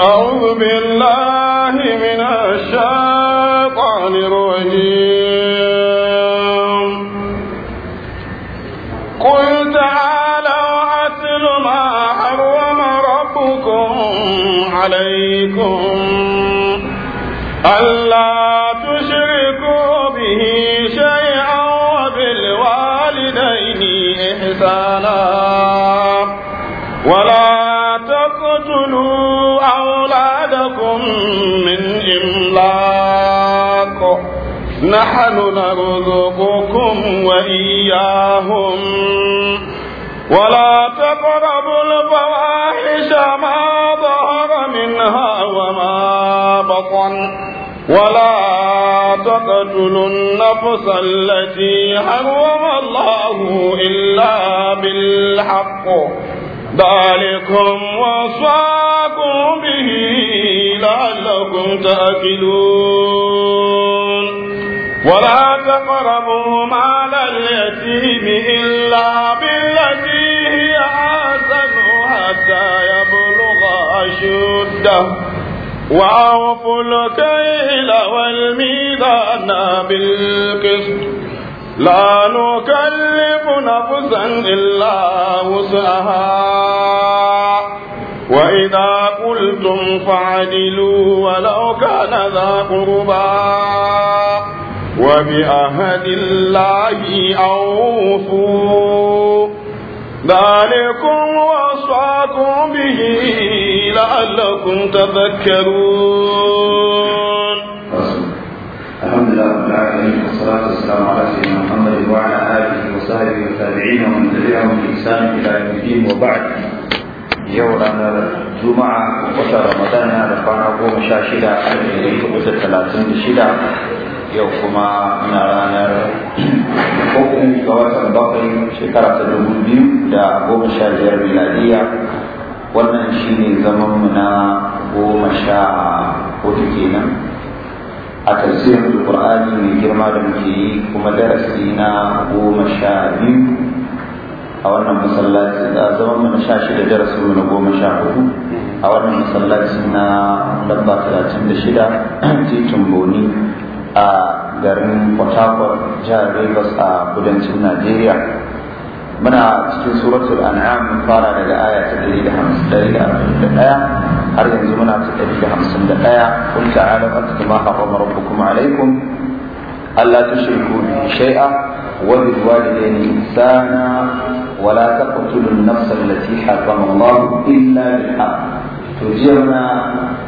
أعوذ بالله من الشيطان الرجيم قل تعالوا أتل ما حرم ربكم عليكم ألا تشركوا به شيئا وبالوالدين إحسانا ولا تقتلوا أولادكم من إملاق نحن نرزقكم وإياهم ولا تقتلوا ولا تقتلوا النفس التي حرم الله إلا بالحق ذلكم وصاكم به لعلكم تأكلون ولا تقربوا مال اليتيم إلا بالتي هي أحسن حتى يبلغ أشده وأوفوا الكيل والميزان بالقسط لا نكلف نفسا إلا وسعها وإذا قلتم فعدلوا ولو كان ذا قربا وبأهد الله أوفوا ذلكم وصاكم به لعلكم تذكرون الحمد لله رب العالمين والصلاة والسلام على سيدنا محمد وعلى آله وصحبه والتابعين ومن تبعهم بإحسان إلى يوم الدين وبعد yau ranar juma'a watan ramadan yana da kwana goma shida talatin da shida yau kuma na ranar uku ga watan bakwai shekara ta dubu biyu da goma sha biyar miladiya wannan shi ne zaman mu na goma sha hudu kenan a tafsirin ƙur'ani mai girma da muke yi kuma darasi na goma sha biyu a wannan masallaci a zaman mu na sha shida darasin na goma sha hudu a wannan masallaci na lamba talatin da shida titin boni a garin port harcourt jihar rivers a kudancin najeriya muna cikin suratul an'am mun fara daga aya ta 151 har yanzu muna ta 151 kun ta'ala fatu ma harrama rabbukum alaikum alla tushriku bi shay'a wa bil walidayni ihsana wa la taqtulu an-nafsa allati harrama Allah illa bil haqq to jiya muna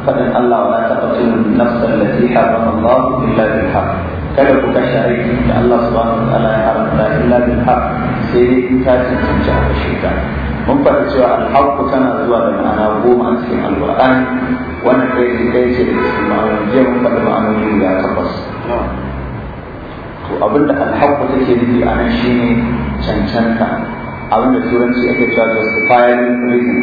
fadin Allah wa la taqtulu an-nafsa allati harrama Allah illa bil haqq kada ku kashe aiki da Allah subhanahu wa ta'ala ya haramta illa bil haqq sai dai in ta cancanci a kashe mun faɗi cewa alhaku tana zuwa da ma'ana goma a cikin alqur'ani wannan kai ne kai ce da cikin ma'anar jiya mun faɗi ma'anoni guda takwas to abinda alhaku take nufi a nan shine cancanta abinda turanci ake cewa justifying reason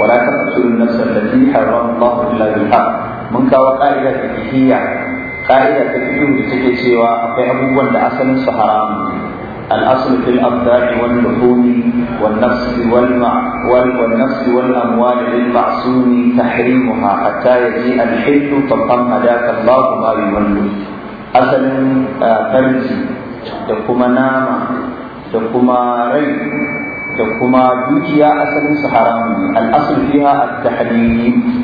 wala taqtulu an-nafsa allati haram Allahu illa bil haqq mun kawo ka'ida ta fiqhiyya ka'ida ta fiqh da take cewa akwai abubuwan da asalin su haramun الأصل في الأبدان واللحوم والنفس والمع والنفس والأموال للمعصوم تحريمها حتى يجيء الحل فقم هداك الله ما يولد أصل فرج يقوم نام يقوم ري يقوم دوجيا أصل حرام الأصل فيها التحريم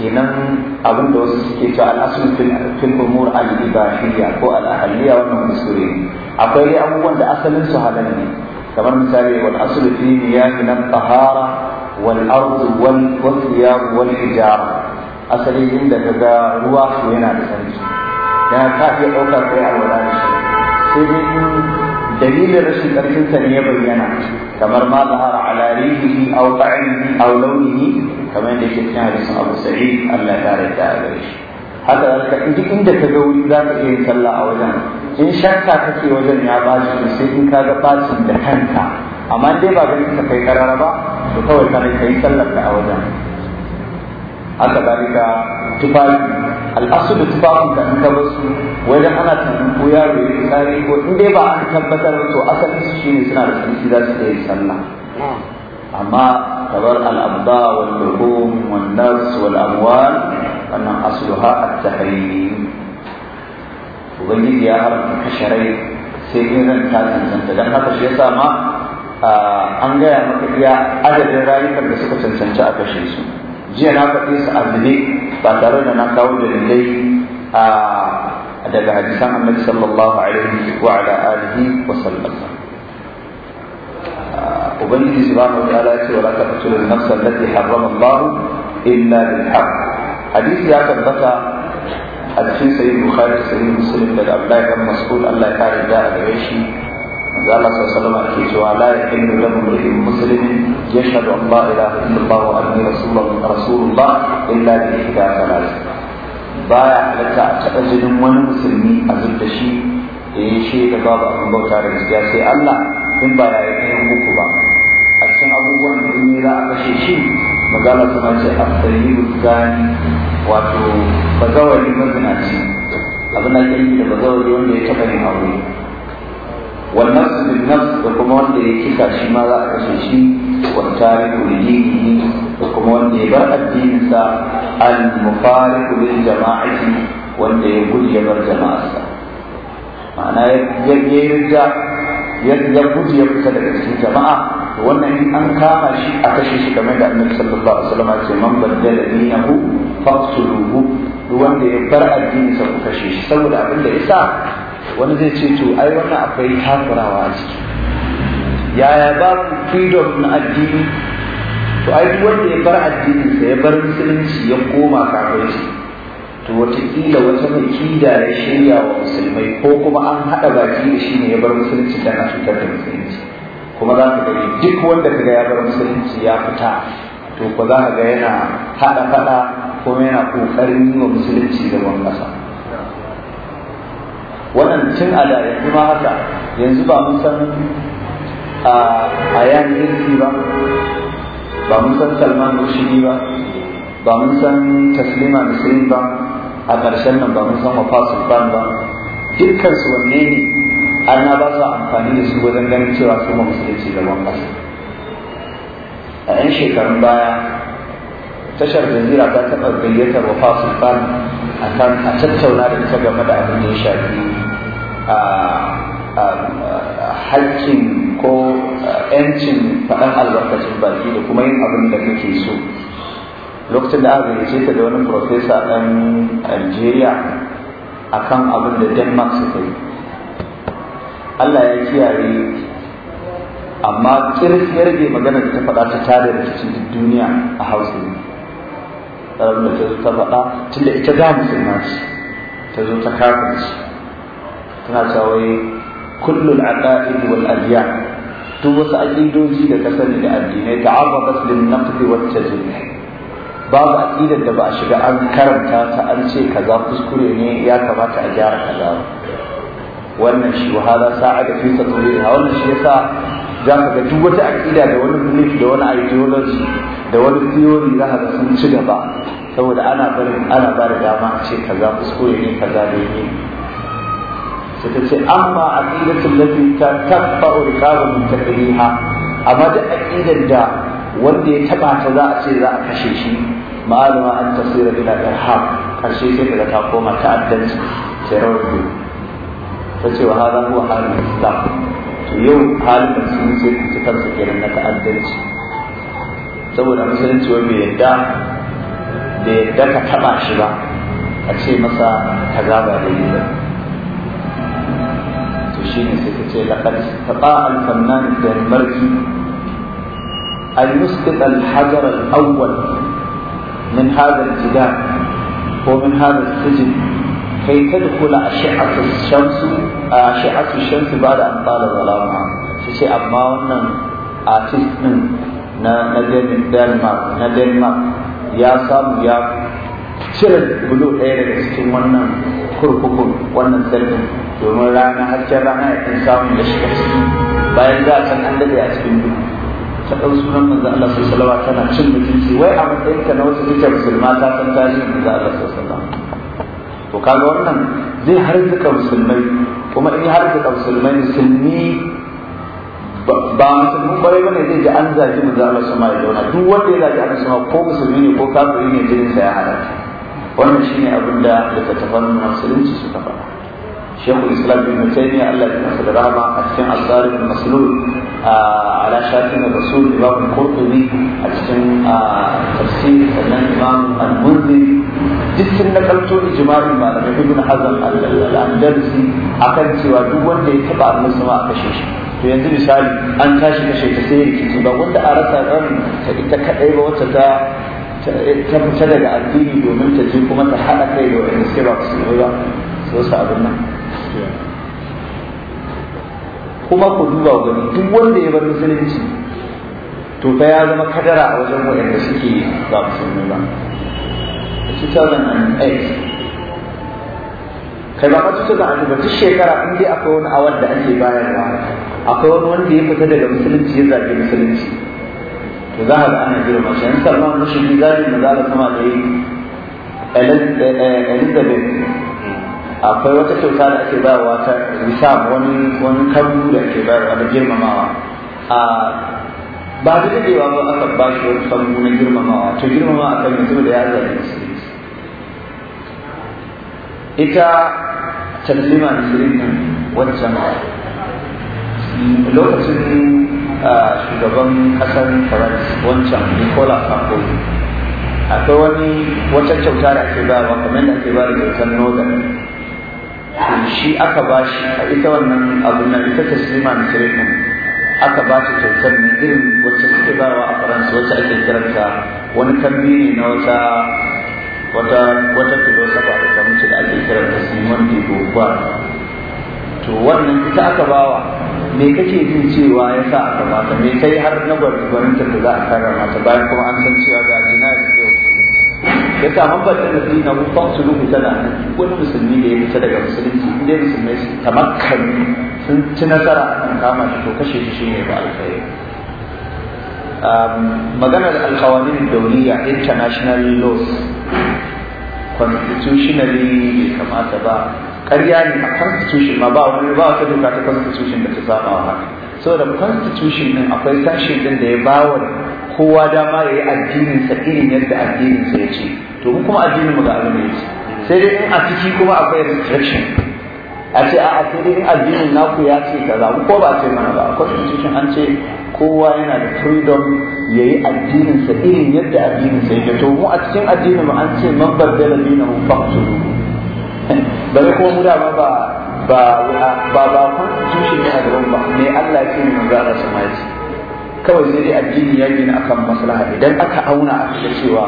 kenan abin da wasu suke cewa al'asun fil umur al ibahiyya ko al ahliya wannan kuskure akwai abubuwan da asalin su halal ne kamar misali wal asul fi niyahi na tahara wal ard wal wal wal hijar asali inda kaga ruwa su yana da sanci da ka iya dauka kai alwala shi sai dai dalilin rashin karfin sa ne ya bayyana kamar ma zahara ala rihihi aw ta'inihi aw launihi kamar yadda yake cikin hadisin Abu Sa'id Allah ta kare a gare shi haka zaka in duk inda ka ga wuri zaka iya yin sallah a wajen in shakka kake wajen ya baci to sai in ka ga bacin da kanka amma dai ba ganin ka kai karara ba to kawai kana kai sallar ka a wajen haka zalika tufafi al'asulu tufafin da in ka su wajen ana tunanin ko yaro ya tsari ko in dai ba an tabbatar to asali su shine suna da tsanci za su iya yin sallah amma kamar al'abda wal luhum wal nas wal amwal wannan asluha at-tahrim ubangiji ya haramta kasharai sai in ran ta cancanta dan haka shi yasa ma an gaya maka iya adadin rayukan da suka cancanta a kashe su jiya na faɗi su a zube. ba tare da na kawo dalilai a daga hadisan annabi sallallahu alaihi wa ala alihi wa sallam ubangiji subhanahu wa ta'ala ya ce wala taqtulun nafsa allati harrama Allah illa bil haqq hadisi ya tabbata a cikin sahih bukhari sahih muslim daga abdullahi ibn mas'ud Allah ya kare da gare shi manzo Allah sallallahu alaihi ke cewa la yahillu lahu imrin muslimin yashhadu an la ilaha illallah wa anni rasulullah illa bi ihda thalath baya halatta a taɓa jinin wani musulmi a zubda shi da ya babu abin bauta da gaskiya sai Allah in ba rayuwar muku ba a cikin abubuwan da in za a kashe shi magana kuma ce a sayi gani wato bazawari mazinaci abin da ke da bazawari wanda ya taɓa ne aure wannan su bin nan da kuma wanda ya kika shi ma za a kashe shi wata rikuli da kuma wanda ya bar addininsa al-mufariqu lil jama'ati wanda ya gudu ya bar jama'arsa ma'ana ya yi ya guje ya fita daga cikin jama'a to wannan in an kama shi a kashe shi game da annabi sallallahu alaihi wasallam ce man baddala dinahu faqtuluhu duk wanda ya bar addini sa ku kashe shi saboda abin da yasa wani zai ce to ai wannan akwai takurawa a ciki yaya ba ku freedom na addini to ai duk wanda ya bar addini sa ya bar musulunci ya koma kafirci to wataƙila wata mai da ya shirya wa musulmai ko kuma an haɗa baki da shi ne ya bar musulunci dan a cutar da musulunci kuma za ka gani duk wanda kaga ya bar musulunci ya fita to ko za ka ga yana haɗa faɗa kuma yana ƙoƙarin yi wa musulunci zaman ƙasa wannan tun a da yanzu haka yanzu ba mun san a yan ba ba mun san salman rushidi ba ba mun san taslima muslim ba a ƙarshen nan ba mun san wafa sultan ba dukkan su wanne ne ana ba su amfani da su wajen ganin cewa su ma musulunci da ƙasa a 'yan shekarun baya tashar jazira ta taɓa gayyatar wafa sultan a kan a tattauna da ita game da abin da ya shafi a hakkin ko 'yancin faɗan albarkacin baki da kuma yin abin da kake so lokacin da aka gayyace ta da wani profesa ɗan algeria akan abin da denmark suka yi allah ya kiyaye amma kirkiyar rage magana da ta faɗa ta tare da cikin duniya a hausa ne tsarar da ta zo ta faɗa tun da ita za musulma ce ta zo ta kafirci tana cewa kullul aqaid wal adiya duk wasu aqidoji da ka da addinai ta'arrabat lin naqd wat tajrih babu aqidar da ba a shiga an karanta ta an ce kaza kuskure ne ya kamata a gyara kaza wannan shi wahala sa'a da fi tsatsuriha wannan shi yasa za ka ga duk wata aqida da wani belief da wani ideology da wani theory za ka ga sun ci gaba saboda ana barin ana ba da dama a ce kaza kuskure ne kaza ne ne sai ta ce amma aqidatul lati ta tabba rikabu mutakriha amma da aqidar da wanda ya taɓa ta za a ce za a kashe shi ma'aluma an tasira ila irhab karshe sai daga ta koma ta'addanci terrorism ta ce wa hada huwa halin islam to yau halin da sun ce ta kansa kenan na ta'addanci saboda musulunci wani bai yadda bai yadda ka taba shi ba a ce masa kaza ba da yi ba to shine sai ta ce laqad taqa al-fannan da marji al-musqit al-hajar al-awwal من هذا الجدار ومن هذا السجن كي a أشعة الشمس أشعة الشمس بعد أن طال ظلامها شيء أما wannan artist din na na Denmark na Denmark ya samu ya cire bulo ɗaya daga cikin wannan kurkuku wannan sarkin domin rana hasken rana da kan samu ya shiga ciki bayan za a san an daɗe a cikin duhu ta ɗau sunan manzo Allah sallallahu alaihi tana cin mutunci wai a matsayin na wata take musulma ta san tarihin manzo Allah sallallahu alaihi to kaga wannan zai har harzuka musulmai kuma in har harzuka musulmai musulmi ba musulmin kwarai bane zai ji an zagi manzo Allah sallallahu alaihi wasallam duk wanda ya zagi Allah sallallahu ko musulmi ne ko kafiri ne jinin sa ya halatta wannan shine abin da littattafan musulunci suka faɗa Shekul Islam bin Taymiyyah Allah ya masa da rahama a cikin Al-Sarif al-Maslul على شاكل الرسول إمام القرطبي أجسن تفسير سنن إمام المنذر جسن نقلتو إجماع المال ابن حزم الأندلسي أكن سوى دوان ليتبع المسلمة أكشيش to yanzu misali an tashi kashe ta sai rikici ba wanda a rasa ran ta ita kaɗai ba wacce ta ta fita daga addini domin ta je kuma ta haɗa kai da wani sai ba su ba so sa abin nan kuma ku duba gani duk wanda ya bar musulunci to fa ya zama kadara a wajen wayanda suke ba musulmi ba 2008 kai ba ma 2008 ba duk shekara in dai akwai wani awar da ake bayarwa akwai wani wanda ya fita daga musulunci ya zage musulunci to za a ga ana girma shi in salman rashin zagi na zala sama da yi elizabeth akwai wata kyauta da ake bayarwa ta risam wani wani kabu da ake bayarwa da girmamawa a ba da dadewa ba aka ba shi wani samu na girmamawa to girmamawa akan mutum da ya zaɓi musulunci ita taslima nan wancan lokacin shugaban kasar faransa wancan nicola sarkozy akwai wani wata kyauta da ake bayarwa kamar da ake bayar da kyautar northern shi aka ba shi a ita wannan abin nan ita taslima misri din aka ba shi kyautar ne irin wacce suke bawa a faransa wacce ake kiranta wani kambi ne na wata wata wata filosofa da ta mutu da ake kiranta simon de beauvoir to wannan ita aka bawa me kake jin cewa ya sa aka bata me kai har na gwargwarinta da za a karrama ta bayan kuma an san cewa ga jinari ya sa man bata da dina ku fasulu tana wani musulmi da ya fita daga musulunci inda ya musulmi su tamakkan sun ci nasara kan kama shi to kashe shi shine ba alkhairi um, maganar alkawanin dauniya international laws constitutionally bai kamata ba ƙarya ne a constitution ma ba wani ba wata doka ta constitution da ta saba wa haka saboda constitution din akwai tashi din da ya bawa kowa dama ya yi addinin sa irin yadda addinin sa ya ce to mu kuma addinin mu ga abin da ya ce sai dai in a ciki kuma akwai restriction a ce a sai dai in addinin naku ya ce kaza ko ba ce mana ba constitution an ce kowa yana da freedom ya yi addinin sa irin yadda addinin sa yake to mu a cikin addinin mu an ce man baddala dinahu faqtulu bare kuma mu da ba ba ba ba constitution ne a gaban ba ne Allah ya ce mu zara su ma kawai sai dai addini ya gina akan maslaha idan aka auna a cewa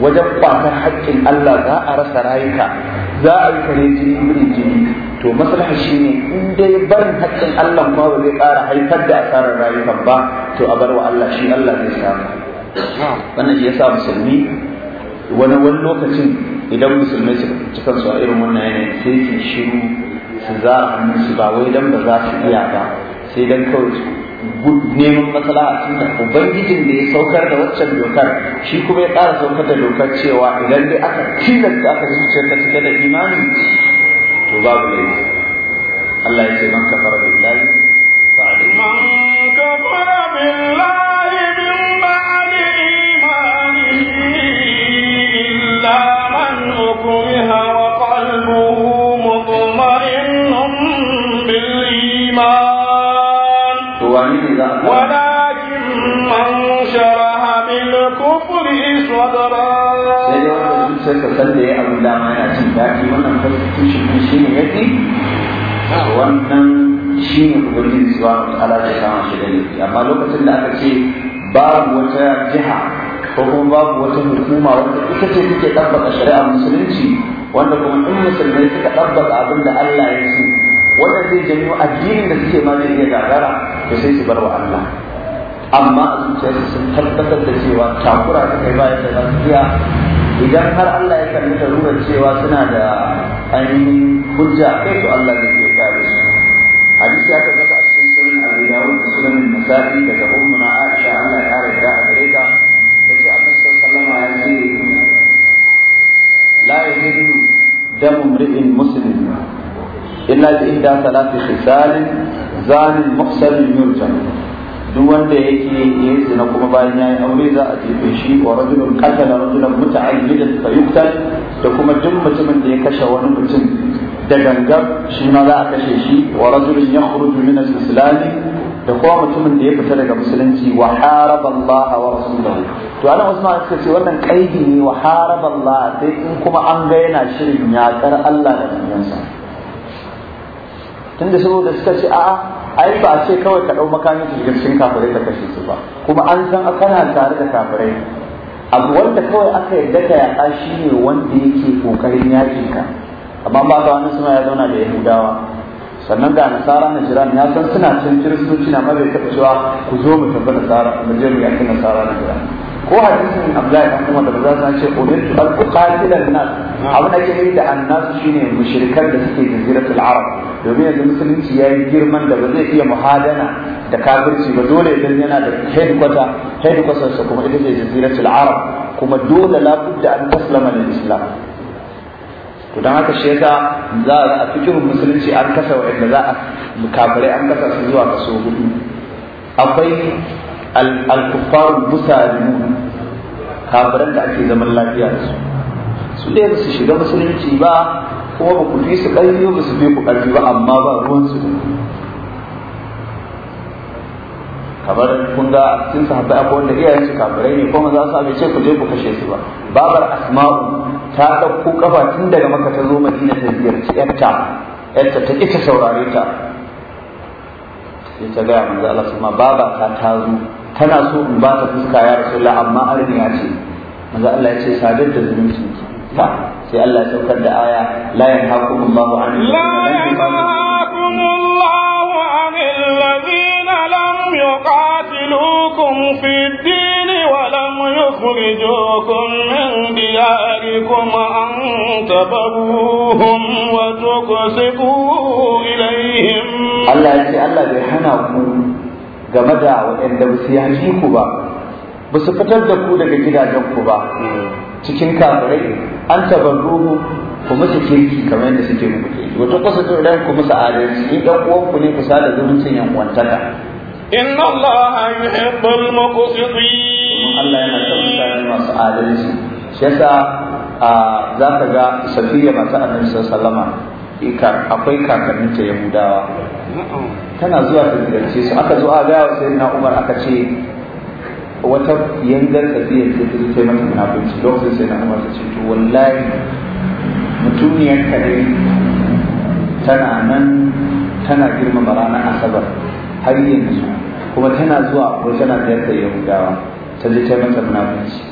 wajen kwatar haƙƙin Allah za a rasa rayuka za a yi kare jini mini jini to maslaha shi ne in dai barin haƙƙin Allah ma ba zai ƙara haifar da asarar rayukan ba to a bar wa Allah shi Allah zai samu wannan shi yasa musulmi wani wani lokacin idan musulmai suka fahimci kansu a irin wannan yanayin sai su shiru su za a hannun su ba wai dan ba za su iya ba sai dan kawai neman maslaha tun da ubangijin da ya saukar da waccan dokar shi kuma ya ƙara saukar da dokar cewa idan dai aka tilasta aka zuciyar ta cike da imani to babu laifi wannan shi ne ubangiji subhanahu ta'ala da kama shi da laifi amma lokacin da aka ce babu wata jiha ko kuma babu wata hukuma wanda ita ce take ɗabbaka shari'ar musulunci wanda kuma in musulmai suka tabbata abin da Allah ya ce wanda zai janyo addinin da suke ma zai iya gagara to sai su bar wa Allah amma a zuciyarsu sun tabbatar da cewa takura ta kai bayan da za iya idan har Allah ya kalli rurar cewa suna da ainihin hujja kai to Allah zai النسائي daga ummuna Aisha Allah ya kare ta gare ta tace Annabi sallallahu alaihi wasallam ya ce la yajidu دم امرئ مسلم إلا بإحدى ثلاث خصال زان مقصد يرجم duk wanda yake yi zina kuma bayan ya yi aure za a jefe shi wa rajulun qatala rajulan muta'ammidan fa yuqtal da kuma duk mutumin da ya kashe wani mutum da gangar shi ma za a kashe shi wa rajulun yakhruju min al-islam da kuma mutumin da ya fita daga musulunci wa haraba Allah wa rasulahu to ana Usman suka ce wannan kaidi ne wa haraba Allah sai in kuma an ga yana shirin yakar Allah da manzansa tunda saboda suka ce a'a ai ba a ce kawai ka dau makami ka cikin kafirai ka kashe su ba kuma an san kana tare da kafirai abu wanda kawai aka yarda ka yaƙa shi ne wanda yake ƙoƙarin yaƙi ka amma ba ka wani suna ya zauna da yahudawa sannan ga nasara na jiran ya san suna cin kiristoci na mazai taɓa cewa ku zo mu tabbata nasara mu je mu yaki nasara na jiran ko hadisin Abdullahi dan kuma da ba za su ce umirtu al uqatila nas abin da ke da annas shine mushrikan da suke jaziratul arab domin yanzu musulunci yayi girman da ba zai iya muhadana da kafirci ba dole idan yana da headquarter headquarter kuma ita ce jaziratul arab kuma dole labudda an taslama lil islam Kudan haka shi yasa za a fikirin musulunci an kasa wa'anda za a kafirai an kasa su zuwa kaso hudu akwai al kuffar musalimun kafiran da ake zaman lafiya da su su dai su shiga musulunci ba kuma ba ku fi su ƙarfi ba su fi ku ƙarfi ba amma ba ruwan su kamar kun ga a cikin sahabbai akwai wanda iyayen su kafirai ne kuma za su bai ce ku je ku kashe su ba babar asma'u ta ɗauko kafa tun daga maka ta zo madina ta ziyarci yarta yarta ta ita saurare ta sai ta gaya manzo Allah kuma baba ta tazo tana so in ba ta fuska ya rasulullah amma arni ya ce manzo Allah ya ce sadar da zumunci ta sai Allah ya saukar da aya la yanhaqu Allahu an la لكم في الدين ولم يخرجوكم من دياركم أن تبروهم وتقسطوا إليهم الله يجي الله بيحناكم game da waɗanda ba su yaƙi ku ba ba su fitar da ku daga gidajen ku ba cikin kamarai an ruhu ku musu kirki kamar yadda suke muku kirki wata kwasa idan ku musu adalci in ɗan uwanku ne ku sada zumuncin yan wantaka إن الله يحب المقسطين الله يحب masu adalci shi yasa za ka ga safiya mata annabi sallama akwai kakanninta yahudawa tana zuwa ta ziyarce su aka zo a gaya wa sai na umar aka ce wata yangar tafiyar ce ta zuke mata munafunci lokacin sai na umar ta ce to wallahi mutumiyar kare tana nan tana girmama ranar asabar har yanzu kuma tana zuwa ko tana tayar da wa ta je ta mata munafunci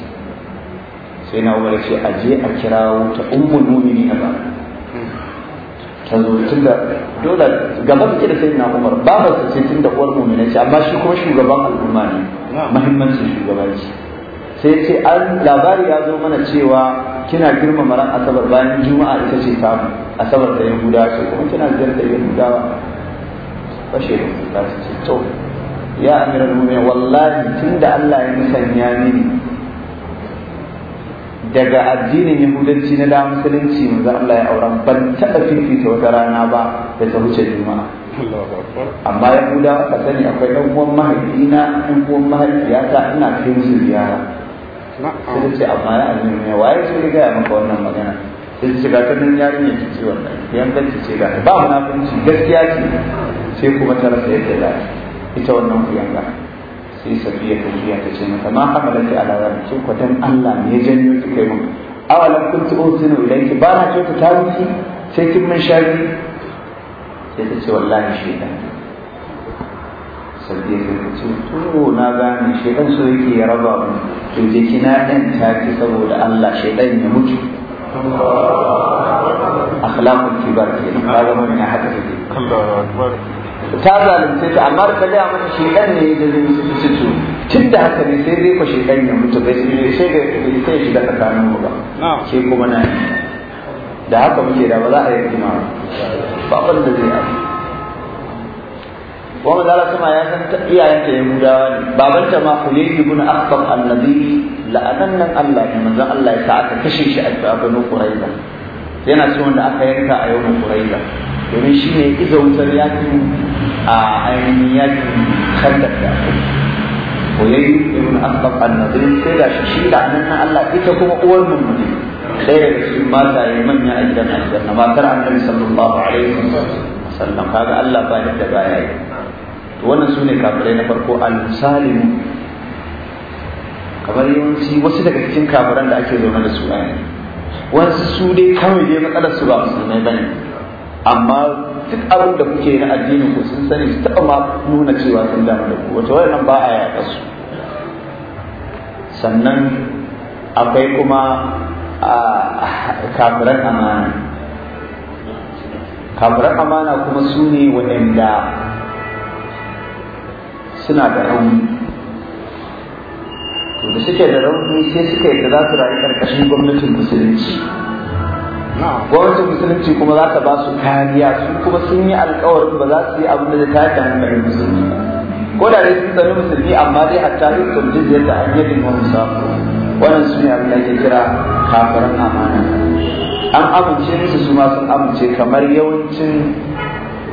sai na umar ce a je a kirawo ta ne a ba ta zo tunda dole gaban ki da sayyidina umar ba su ce tunda uwar na ce amma shi kuma shugaban al'umma ne muhimmancin shugabanci sai ce an labari ya zo mana cewa kina girmama ran asabar bayan juma'a ita ce ta asabar da yahudawa ce kuma kina ziyartar yahudawa fashe da kuka ta ce to ya amira nuna wallahi tun da Allah ya musanya mini daga addinin yahudanci na da musulunci manzo Allah ya aura ban taɓa fifita wata rana ba da ta wuce juma'a amma ya kuda ka sani akwai ɗan uwan mahaifina ɗan uwan mahaifiyata ina kai musu ziyara sai ce amma ya azumi ne waye riga ya gaya maka wannan magana sai ce ga ta nan yarinya ki ciwon wannan yan ganci ce ga ta ba munafunci gaskiya ce sai kuma ta rasa yadda za ita wannan kuyanga sai safiya ta juya ta ce mata ma hamalar ki ala zan kin kwa dan Allah ne ya janyo ki kai mun awalan kun ta uzinu ilayki ba na kyauta ta miki sai kin min shari sai ta ce wallahi shedan safiya ta ce to na gane shedan so yake ya raba mu to je kina dan ki saboda Allah shedan ya mutu akhlaqul kibar kenan kaga mun ya haka take Allahu akbar ta zalunce ta amma da gaya mata shekan ne da zai su su su tun da haka ne sai dai ku shekan ne mutu bai su ne sai ga sai da tsakanin mu ba ke kuma na da haka muke da ba za a yi kuma ba ba da zai yi wa mazala kuma ya san ta yi ya mudawa ne babanta ma yi ibn akhtab annabi la'anan nan Allah ne manzon Allah ya sa aka kashe shi a Banu Quraiza yana cikin wanda aka yanka a yau Quraiza domin ne izo wutar yakin a ainihin yaki kandar da koyayyu irin asbab an-nadir sai da shi shi da nan Allah ita kuma uwar mummuni ɗaya da cikin mata ya manya a gidan aljanna matar annabi sallallahu alaihi wasallam kaga Allah ba da baya yi to wannan sune kafirai na farko al-salimu kamar yawanci wasu daga cikin kafiran da ake zaune da su a yanzu wasu su dai kawai dai matsalar su ba musulmai bane amma duk abin da kuke na addinin ku sun sani su taɓa ma nuna cewa sun damu da ku wato wannan ba a yaƙa su sannan akwai kuma kafiran amana kafiran amana kuma su ne waɗanda suna da rauni to da suke da rauni sai suka yi da za su rayu ƙarƙashin gwamnatin musulunci gwamnatin musulunci kuma za ta ba su kariya su kuma sun yi alkawarin ba za su yi abin da ta yi ta hanyar musulmi ko da dai sun tsani musulmi amma dai hatta yin tumjin da yadda an yi wani sako wannan su ne abin da ke kira kafirin amana an amince musu su ma sun amince kamar yawancin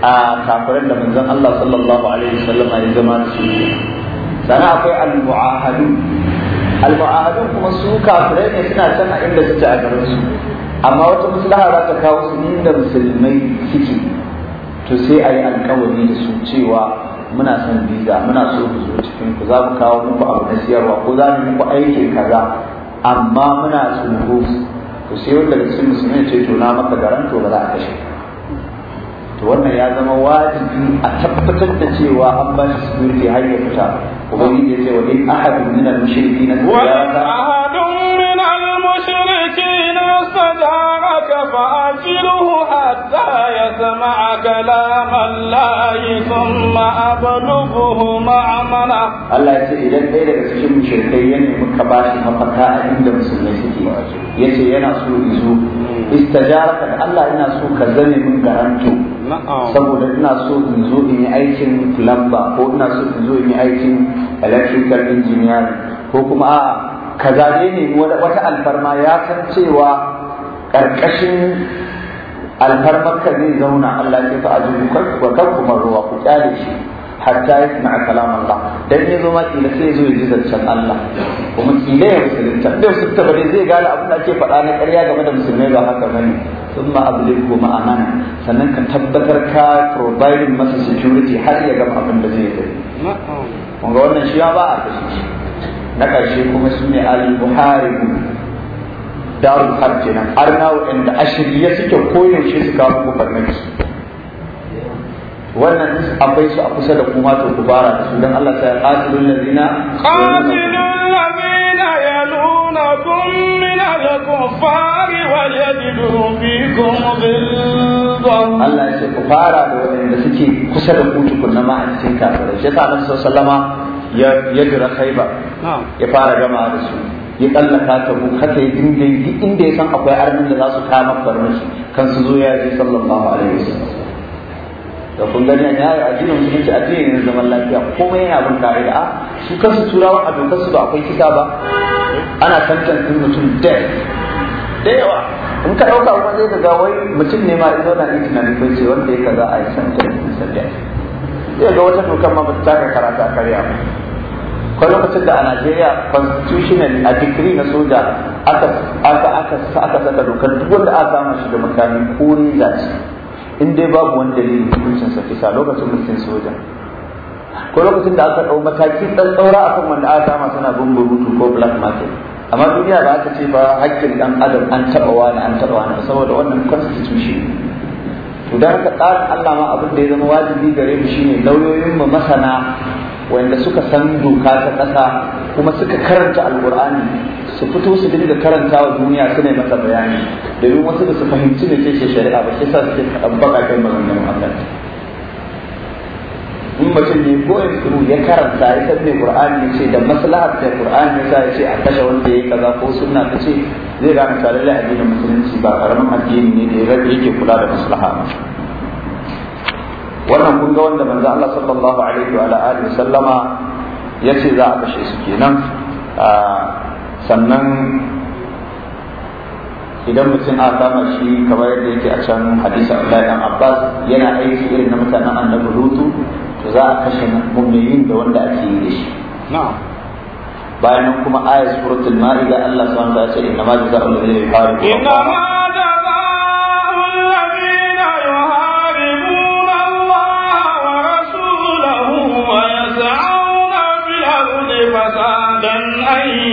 a kafirin da manzon Allah sallallahu alaihi wasallam ya zama da su sana akwai al-mu'ahadu al-mu'ahadu kuma su kafirai ne suna can a inda suke a garin su amma wata musulaha za ta kawo su inda musulmai suke to sai a yi alkawari da su cewa muna son biza muna so ku zo cikin ku za mu kawo muku abu na siyarwa ko za mu muku aikin kaza amma muna tsoro to sai wanda da cikin musulmai ce to na maka to ba za a kashe to wannan ya zama wajibi a tabbatar da cewa an ba shi security har ya fita ubangiji ya ce wa in ahadun min al ya wa المشركين استدارك فأجله حتى يسمع كلام الله ثم أبلغه مأمنة الله يسير إذن إذا كسيش من شركيين مكباش مفتاة عند مسلم سكي يسير ينا إزو استجارك الله ينا سوء من garanto saboda ina so in zo in yi aikin lamba ko ina so in zo in yi aikin electrical engineer ko kuma a'a kaza ne ne wata alfarma ya san cewa ƙarƙashin alfarmarka zai zauna Allah ya fa azu wa kan kuma ruwa ku kyale shi hatta ya sami kalam Allah dan ya zo ma kila sai zo ya ji zancen Allah kuma kila ya musulunta da su ta ne zai gane abin da ake faɗa na ƙarya game da musulmai ba haka bane thumma ablighu ma amana sannan ka tabbatar ka providing masa security har ya gama abin da zai yi Kuma wannan shi ya ba a kashe na ƙarshe kuma su ne al Buhari, Daru harb kenan arna waɗanda a shirye suke koyaushe su kawo muku su. wannan akwai su a kusa da kuma to ku fara da su don Allah ta qatilul ladina ya ladina yalunakum min al-kuffar wal yajidu fikum ghilzan Allah ya ce ku fara da waɗanda suke kusa da ku tukunna ma a cikin kafirai shi ta Allah sallama ya jira ba ya fara gama da su ya tsallaka ta mu haka ya inda ya san akwai arzikin da za su kama shi kan su zo ya ji sallallahu alaihi da kun gani an yaya addinin musulunci addini ne zaman lafiya komai yana bin kare da a su kansu turawa a dokar su ba akwai kisa ba ana tantance mutum da da yawa in ka ɗauka kuma zai ga wai mutum ne ma izo na tunanin kai ce wanda ya kaza a yi tantance mutum da zai ga wata dokar ma ba ta taka karata a karya ba akwai lokacin da a najeriya constitutional a digiri na soja aka saka dokar duk wanda aka samu shi da makami ko ne zaci in dai babu wani dalili hukuncin sa kisa lokacin mulkin soja ko lokacin da aka ɗau mataki ɗan tsaura akan wanda aka samu suna bin rutu ko black market amma duniya ba aka ce ba haƙƙin ɗan adam an taɓa wani an taɓa wani saboda wannan constitution to da haka tsarin Allah ma abin da ya zama wajibi gare mu shine lauyoyin mu masana wanda suka san doka ta ƙasa kuma suka karanta alkur'ani su fito su dinga karanta wa duniya su ne masa bayani domin wasu da su fahimci ne ke shari'a ba shi sa suke tabbaka kai maganganun Allah in mutum ne ko yanzu ya karanta ya san me qur'ani ya ce da maslahar da qur'ani ya ce a kashe wanda ya kaza ko sunna ta ce zai gane cewa lallai addinin musulunci ba karamin addini ne da ya yake kula da maslaha wannan kun ga wanda manzo Allah sallallahu alaihi wa alihi sallama ya ce za a kashe su kenan sannan idan mutum a kama shi kamar yadda yake a can hadisi Abdullahi Abbas yana aiki irin na mutanen annabi Lutu za a kashe mu'minin da wanda ake yi da shi na'am bayan kuma ayat suratul ma'ida Allah subhanahu wa ta'ala ya ce inna ma jazaa'ul ladzina yuharibuna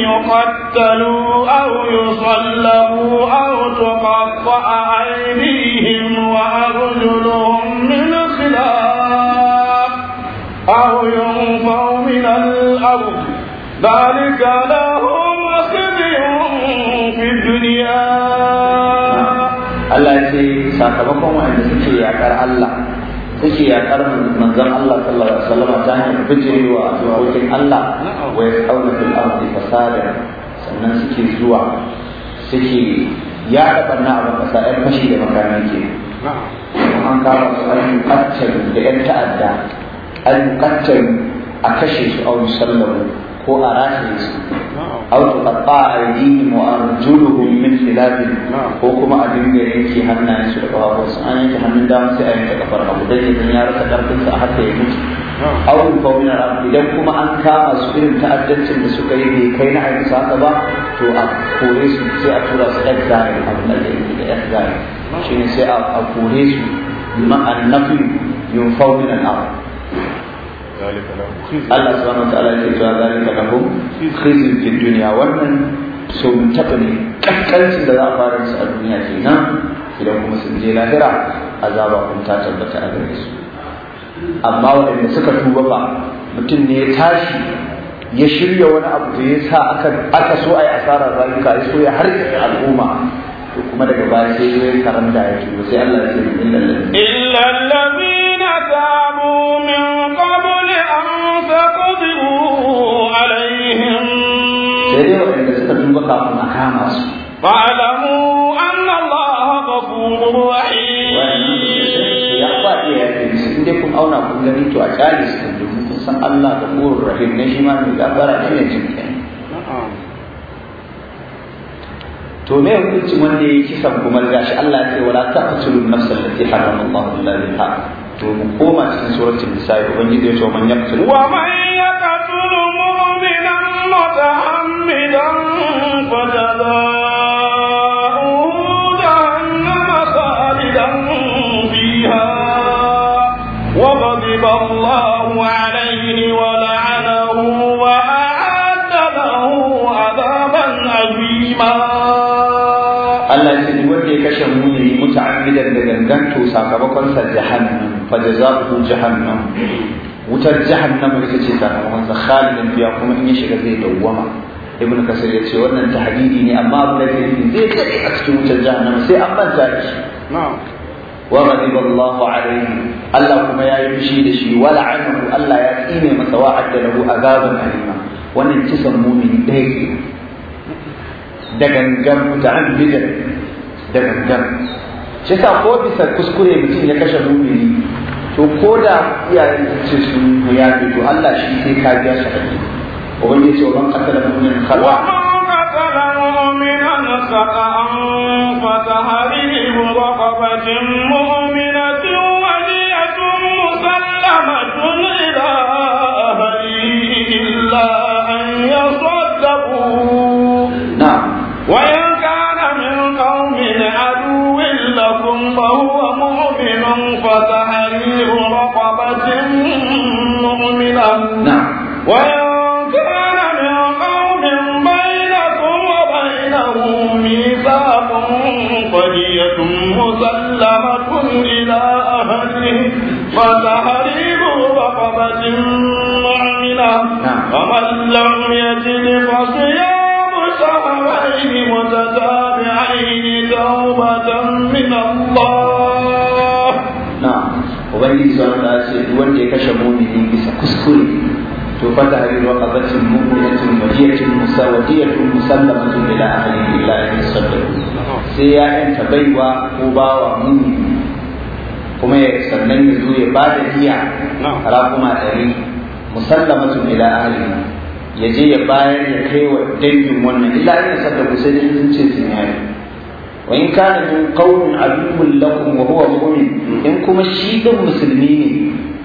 يقتلوا أو يصلبوا أو تقطع أيديهم وأرجلهم أو ينفوا من الأرض ذلك لهم خزي في الدنيا Allah ya ce sakamakon waɗanda suke yakar Allah suke yakar manzon Allah sallallahu alaihi wasallam ta hanyar bijirewa wajen Allah wa ya yasqawna fil ardi fasada sannan suke zuwa suke ya barna a ƙasa ɗan fashi da makamai ke an kama su an da 'yan ta'adda an yuqattalu a kashe su aw yusallamu ko a rataye su aw tuqatta aydihim wa arjuluhum min khilaf ko kuma a dinga yanke hannayen su da kafafun su an yanke hannun dama sai a yanke kafar hagu dan idan ya rasa karfin sa haka ya mutu aw yufawna idan kuma an kama su irin ta'addancin da suka yi bai kai na aiki saka ba to a kore su sai a tura su exile abin da yake da exile shine sai a kore su ma'an nafi yunfawna al Allah subhanahu wa ta'ala ya ce zalika lahum khizyun fid dunya wannan sun taɓa ne ƙanƙancin da za a fara su a duniya nan idan kuma sun je lahira azaba kun ta tabbata a gare su amma waɗanda suka tuba ba mutum ne ya tashi ya shirya wani abu da ya sa aka so a yi asarar rayuka ya so ya harkar al'umma to kuma daga baya sai ya karanta ya tuba sai Allah ya ce illal ladhi ba kafin a kama su fa'alamu anna allaha ghafurur rahim ya fa iya in dai kun auna kun gani to a tsari su kan domin kun san Allah ghafurur rahim ne shi ma mai gafara ne ne jin kai to me hukuncin wanda ya san kuma gashi Allah ya ce wala taqtulun nafsal lati harrama Allah illa bil to mu koma cikin suratul nisa ubangiji ya ce man yaqtul wa man yaqtul bidan da ganganto sa jahannam fa jazaohu jahannam wutar jahannam ita ce sakamakonsa khalidan fiya kuma in ya shiga zai dawwama ibnu kasir ya ce wannan tahdidi ne amma abu da yake zai tsare a cikin wutar jahannam sai an manta shi wa ghadiba Allahu alayhi Allah kuma ya yi fushi da shi wa anhu Allah ya tsine masa wa'adda lahu azaban alima wannan kisan mumin ɗaya da gangan da an bidan da gangan shi sa ko bisa kuskure mutum ya kashe mumini to ko da iyayen su ce su ya fi to Allah shi sai ka biya shi hakki ubangiji ce ban qatala mu'minan khalwa qatala mu'minan khata'an fa وهو مؤمن فتحرير رقبة مؤمنة نعم وإن كان من قوم بينكم وبينهم ميثاق فدية مسلمة إلى أهله فتحرير رقبة مؤمنة ومن نعم. لم يجد فصيام ubangiji subhanahu wa ta'ala ce duk wanda ya kashe mu'mini bisa kuskure to fa ta hariru qabatin mu'minatin wadiyatin musawadiyatin musallamatun ila ahli illa yasaddu sai ya yanta baiwa ko bawa mu'mini kuma ya sannan ya zo ya ba da diya kuma ɗari musallamatun ila ahli ya je ya bayar ya kai wa dangin wannan illa yasaddu sai sun ce sun yayi wa in kana min qaumin aduwwun lakum wa huwa mu'min in kuma shi din musulmi ne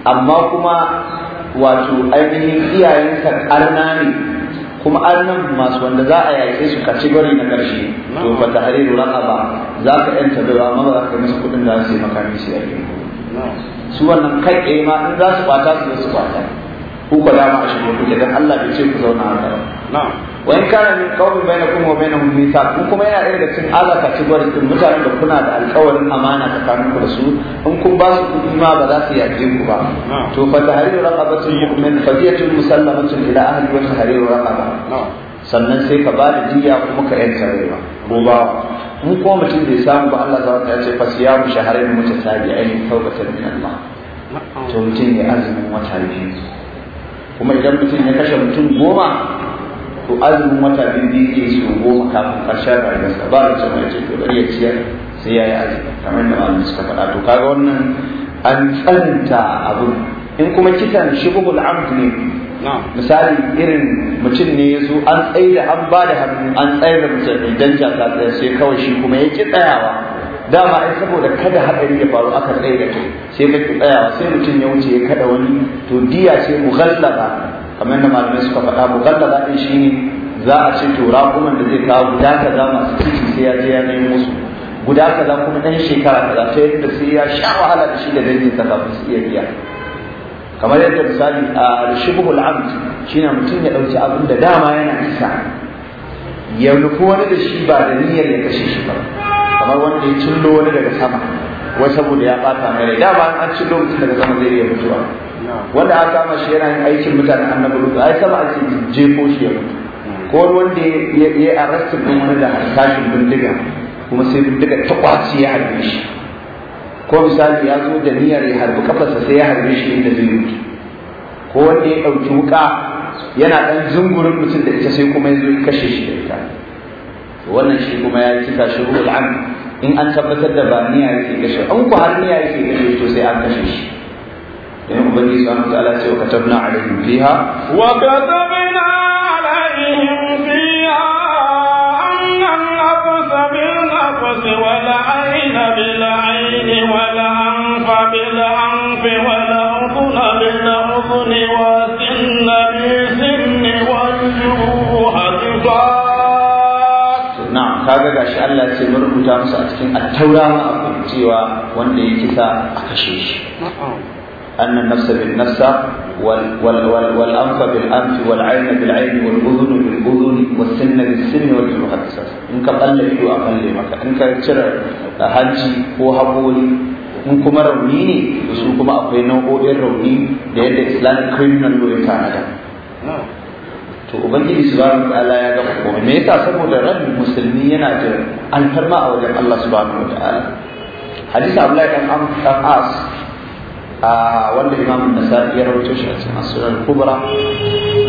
amma kuma wato ainihin iyayensa karna ne kuma annan masu wanda za a su kaci gwari na ƙarshe to fa tahriru raqaba za ka yanta da amma ba za ka musu kuɗin da su makami su yake su wannan kai ɗaya ma in za su ɓata su su ɓata ku ka dama a shigo kuke dan Allah bai ce ku zauna a ba wa in kana min qawmin bainakum wa bainahum mithaq in kuma yana daga cikin alaka ci gwar din mutanen da kuna da alƙawarin amana tsakaninku da su in kun ba su kuɗi ma ba za su yaje ku ba to fa tahriru raqabatin mu'min fadiyatun musallamatin ila ahli wa tahriru raqaba sannan sai ka ba da jiya kuma ka yanta rewa ko ba in kuma mutum bai samu ba Allah za ta ce fa siyamu shahrayn mutasabi'ain tawbatan min Allah to mutum ya azumin wata biyu kuma idan mutum ya kashe mutum goma to azumin wata biyu biyu ke su goma kafin karshen rayuwarsa ba da cewa ya ce to bari ya ciyar sai ya yi azumi kamar da malamin suka faɗa to kaga wannan an tsananta abin in kuma kitan shubhul abd ne misali irin mutum ne ya zo an tsaye da an ba da hannu an tsaye da mutum idan ta tsaye sai kawai shi kuma ya ki tsayawa dama ai saboda kada haɗari ya faru aka tsaye da kai sai ka ki tsayawa sai mutum ya wuce ya kada wani to diya ce mughallaba kamar yadda malamai suka faɗa mugallala zaɓe shi ne za a ce to raƙuman da zai kawo guda ka za masu ciki sai ya je ya nemo musu guda za kuma ɗan shekara za ta yadda sai ya sha wahala da shi da dangin sa kafin su iya biya kamar yadda misali a shibhul amd ne mutum ya ɗauki abin da dama yana isa ya nufi wani da shi ba da niyyar ya kashe shi ba kamar wanda ya cillo wani daga sama wai saboda ya ɓata mai rai dama an cillo mutum daga sama zai iya mutuwa wanda aka kama shi yana yin aikin mutanen annabi lutu ai sama ake jefo shi ya mutu ko wanda ya yi arrestin ɗin wani da harsashin bindiga kuma sai bindiga ta kwaci ya harbe shi ko misali ya zo da niyyar ya harbi kafarsa sai ya harbe shi inda zai mutu ko wanda ya ɗauki wuka yana ɗan zungurin mutum da ita sai kuma ya zo ya kashe shi da ita wannan shi kuma ya cika shi ruhul an in an tabbatar da ba niyya yake kashe an ku har niyya yake kashe to sai an kashe shi in ubangiji subhanahu wa ta'ala ce wa katabna alaihim fiha wa katabna alaihim fiha anna an-nafs bil-nafs wal 'ayna bil-'ayn wal anfa bil-anf wal udhuna bil-udhuni was-sinna bil-sinni wal-juruha na'am kaga gashi Allah ya ce mun rubuta musu a cikin at-taura ma cewa wanda ya kisa a kashe shi أن النفس بالنفس والأنف بالأنف والعين بالعين والأذن بالأذن والسن بالسن والجروح القصاص إنك كقل يو أقل مكا إنك كتر هجي هو هبول إنك مرميني بسوك ما أقينه هو akwai nau'o'in rauni da yadda islamic criminal law to ubangiji subhanahu ta'ala ya ga ko me yasa saboda rabbi musulmi yana da alfarma a wajen Allah subhanahu wa ta'ala hadisi Abdullahi kan Amr As wanda imam nasar ya rawaito shi a cikin asurar kubra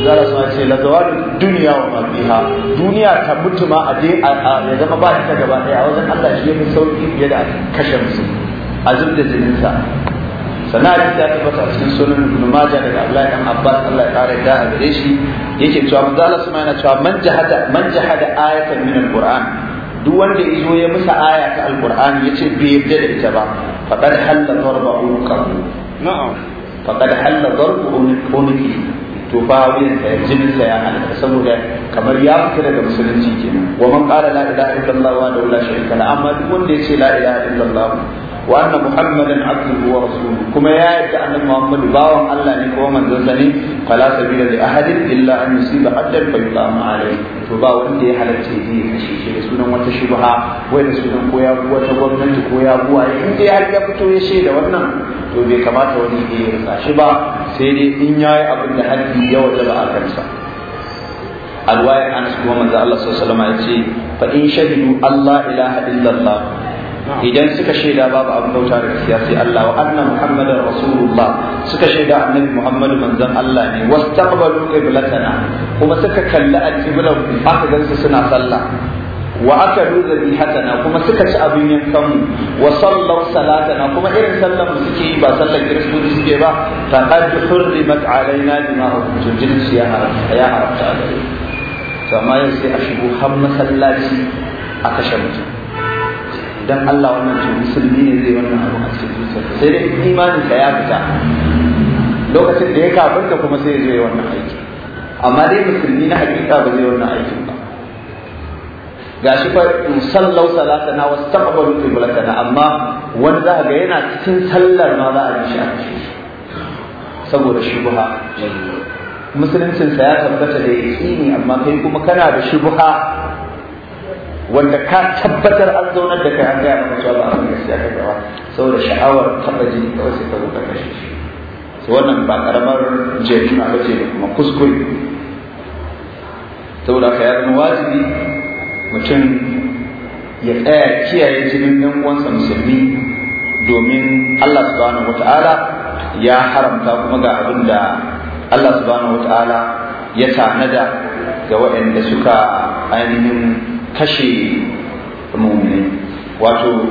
zara suna ce la zawalin duniya wa mafiha duniya ta mutu ma a ya zama ba ta gaba ɗaya a wajen allah shi ya fi sauƙi fiye da kashe musu a zub da jininsa sannan hadisi ya tabbata cikin sunan ibn majah daga abdullahi dan abbas allah ya kare da a gare shi yake cewa manzo allah suma yana cewa man jahada man jahada ayatan min alquran duk wanda ya zo ya musa aya ta alqur'ani yace bai yarda da ita ba faqad halla tarba'u qabl na'am faqad halla darbu umki to fa wuyan sa jinin sa ya halaka saboda kamar ya fita daga musulunci kenan wa man qala la ilaha illallah wa la sharika la amma duk wanda yace la ilaha illallah wa anna muhammadan abduhu wa rasuluhu kuma ya yadda annabi muhammadu bawan Allah ne kuma manzon sa ne fala sabila li ahadin illa an yusiba hadan fa yuqama alayhi to ba wanda ya halarce zai kashe shi da sunan wata shubha wai da sunan ko ya wata gwamnati ko ya buwa in dai har ya fito ya shaida wannan to bai kamata wani ya rasa shi ba sai dai in yayi abin da haddi ya wajaba a kansa alwaya anas kuma manzo Allah sallallahu ya ce fa in shahidu Allah ilaha illallah idan suka shaida babu abin bauta da gaskiya sai Allah wa anna muhammadar rasulullah suka shaida annabi muhammadu manzon Allah ne wastaqbalu qiblatana kuma suka kalli al-qibla aka gansu suna sallah wa aka ruza hatana kuma suka ci abin yankan mu wa sallar salatana kuma irin sallar mu suke yi ba sallar kiristoci suke ba ta qad hurrimat alaina dima'ukum jinsi ya haramta ya haramta to amma yau sai a shigo har masallaci a kashe mutum Idan Allah wannan cin musulmi ne zai wannan abu a cikin zuciyarsa sai dai imanin ka ya fita lokacin da ya kafirta kuma sai zai wannan aiki amma dai musulmi na hakika ba zai wannan aikin ba Ga shi fa sallau salatana wa taqabbalu qiblatana amma wani za ga yana cikin sallar ma za a ji shi a saboda shubha musuluncin sa ya tabbata da yaqini amma kai kuma kana da shubha wanda ka tabbatar an zaunar da kai an gaya maka cewa ba abin gaskiya ka gaba saboda sha'awar taɓa jini kawai sai ka zo ka kashe shi wannan ba karamar jefuna ba ce da kuma kuskure saboda ka ya zama wajibi mutum ya tsaya kiyaye jinin ɗan uwansa musulmi domin Allah subhanahu wata'ala ya haramta kuma ga abin da Allah subhanahu wata'ala ya tanada ga waɗanda suka ainihin kashe mummune wato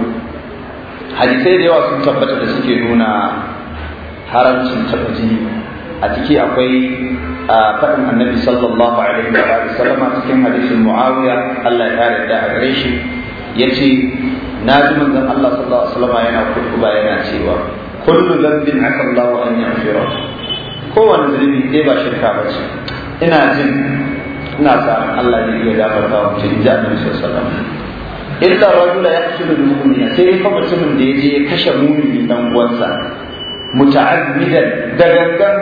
hadisai da yawa sun tabbata da suke nuna haramcin taɓa jini a ciki akwai faɗin annabi sallallahu alaihi wa sallama cikin hadisin muawiya Allah ya kare da gare shi yace na ji manzon Allah sallallahu alaihi wa yana kutuba yana cewa kullu dhanbin aka Allah an yaghfira kowanne zunubi dai ba shirka ba ce ina jin ina sa Allah zai iya gafarta wa mutum inji annabi sallallahu alaihi wasallam illa rajula yaqtulu al-mu'mina sai kafa mutumin da yaje ya kashe mu'mini dan uwansa muta'addidan da gangan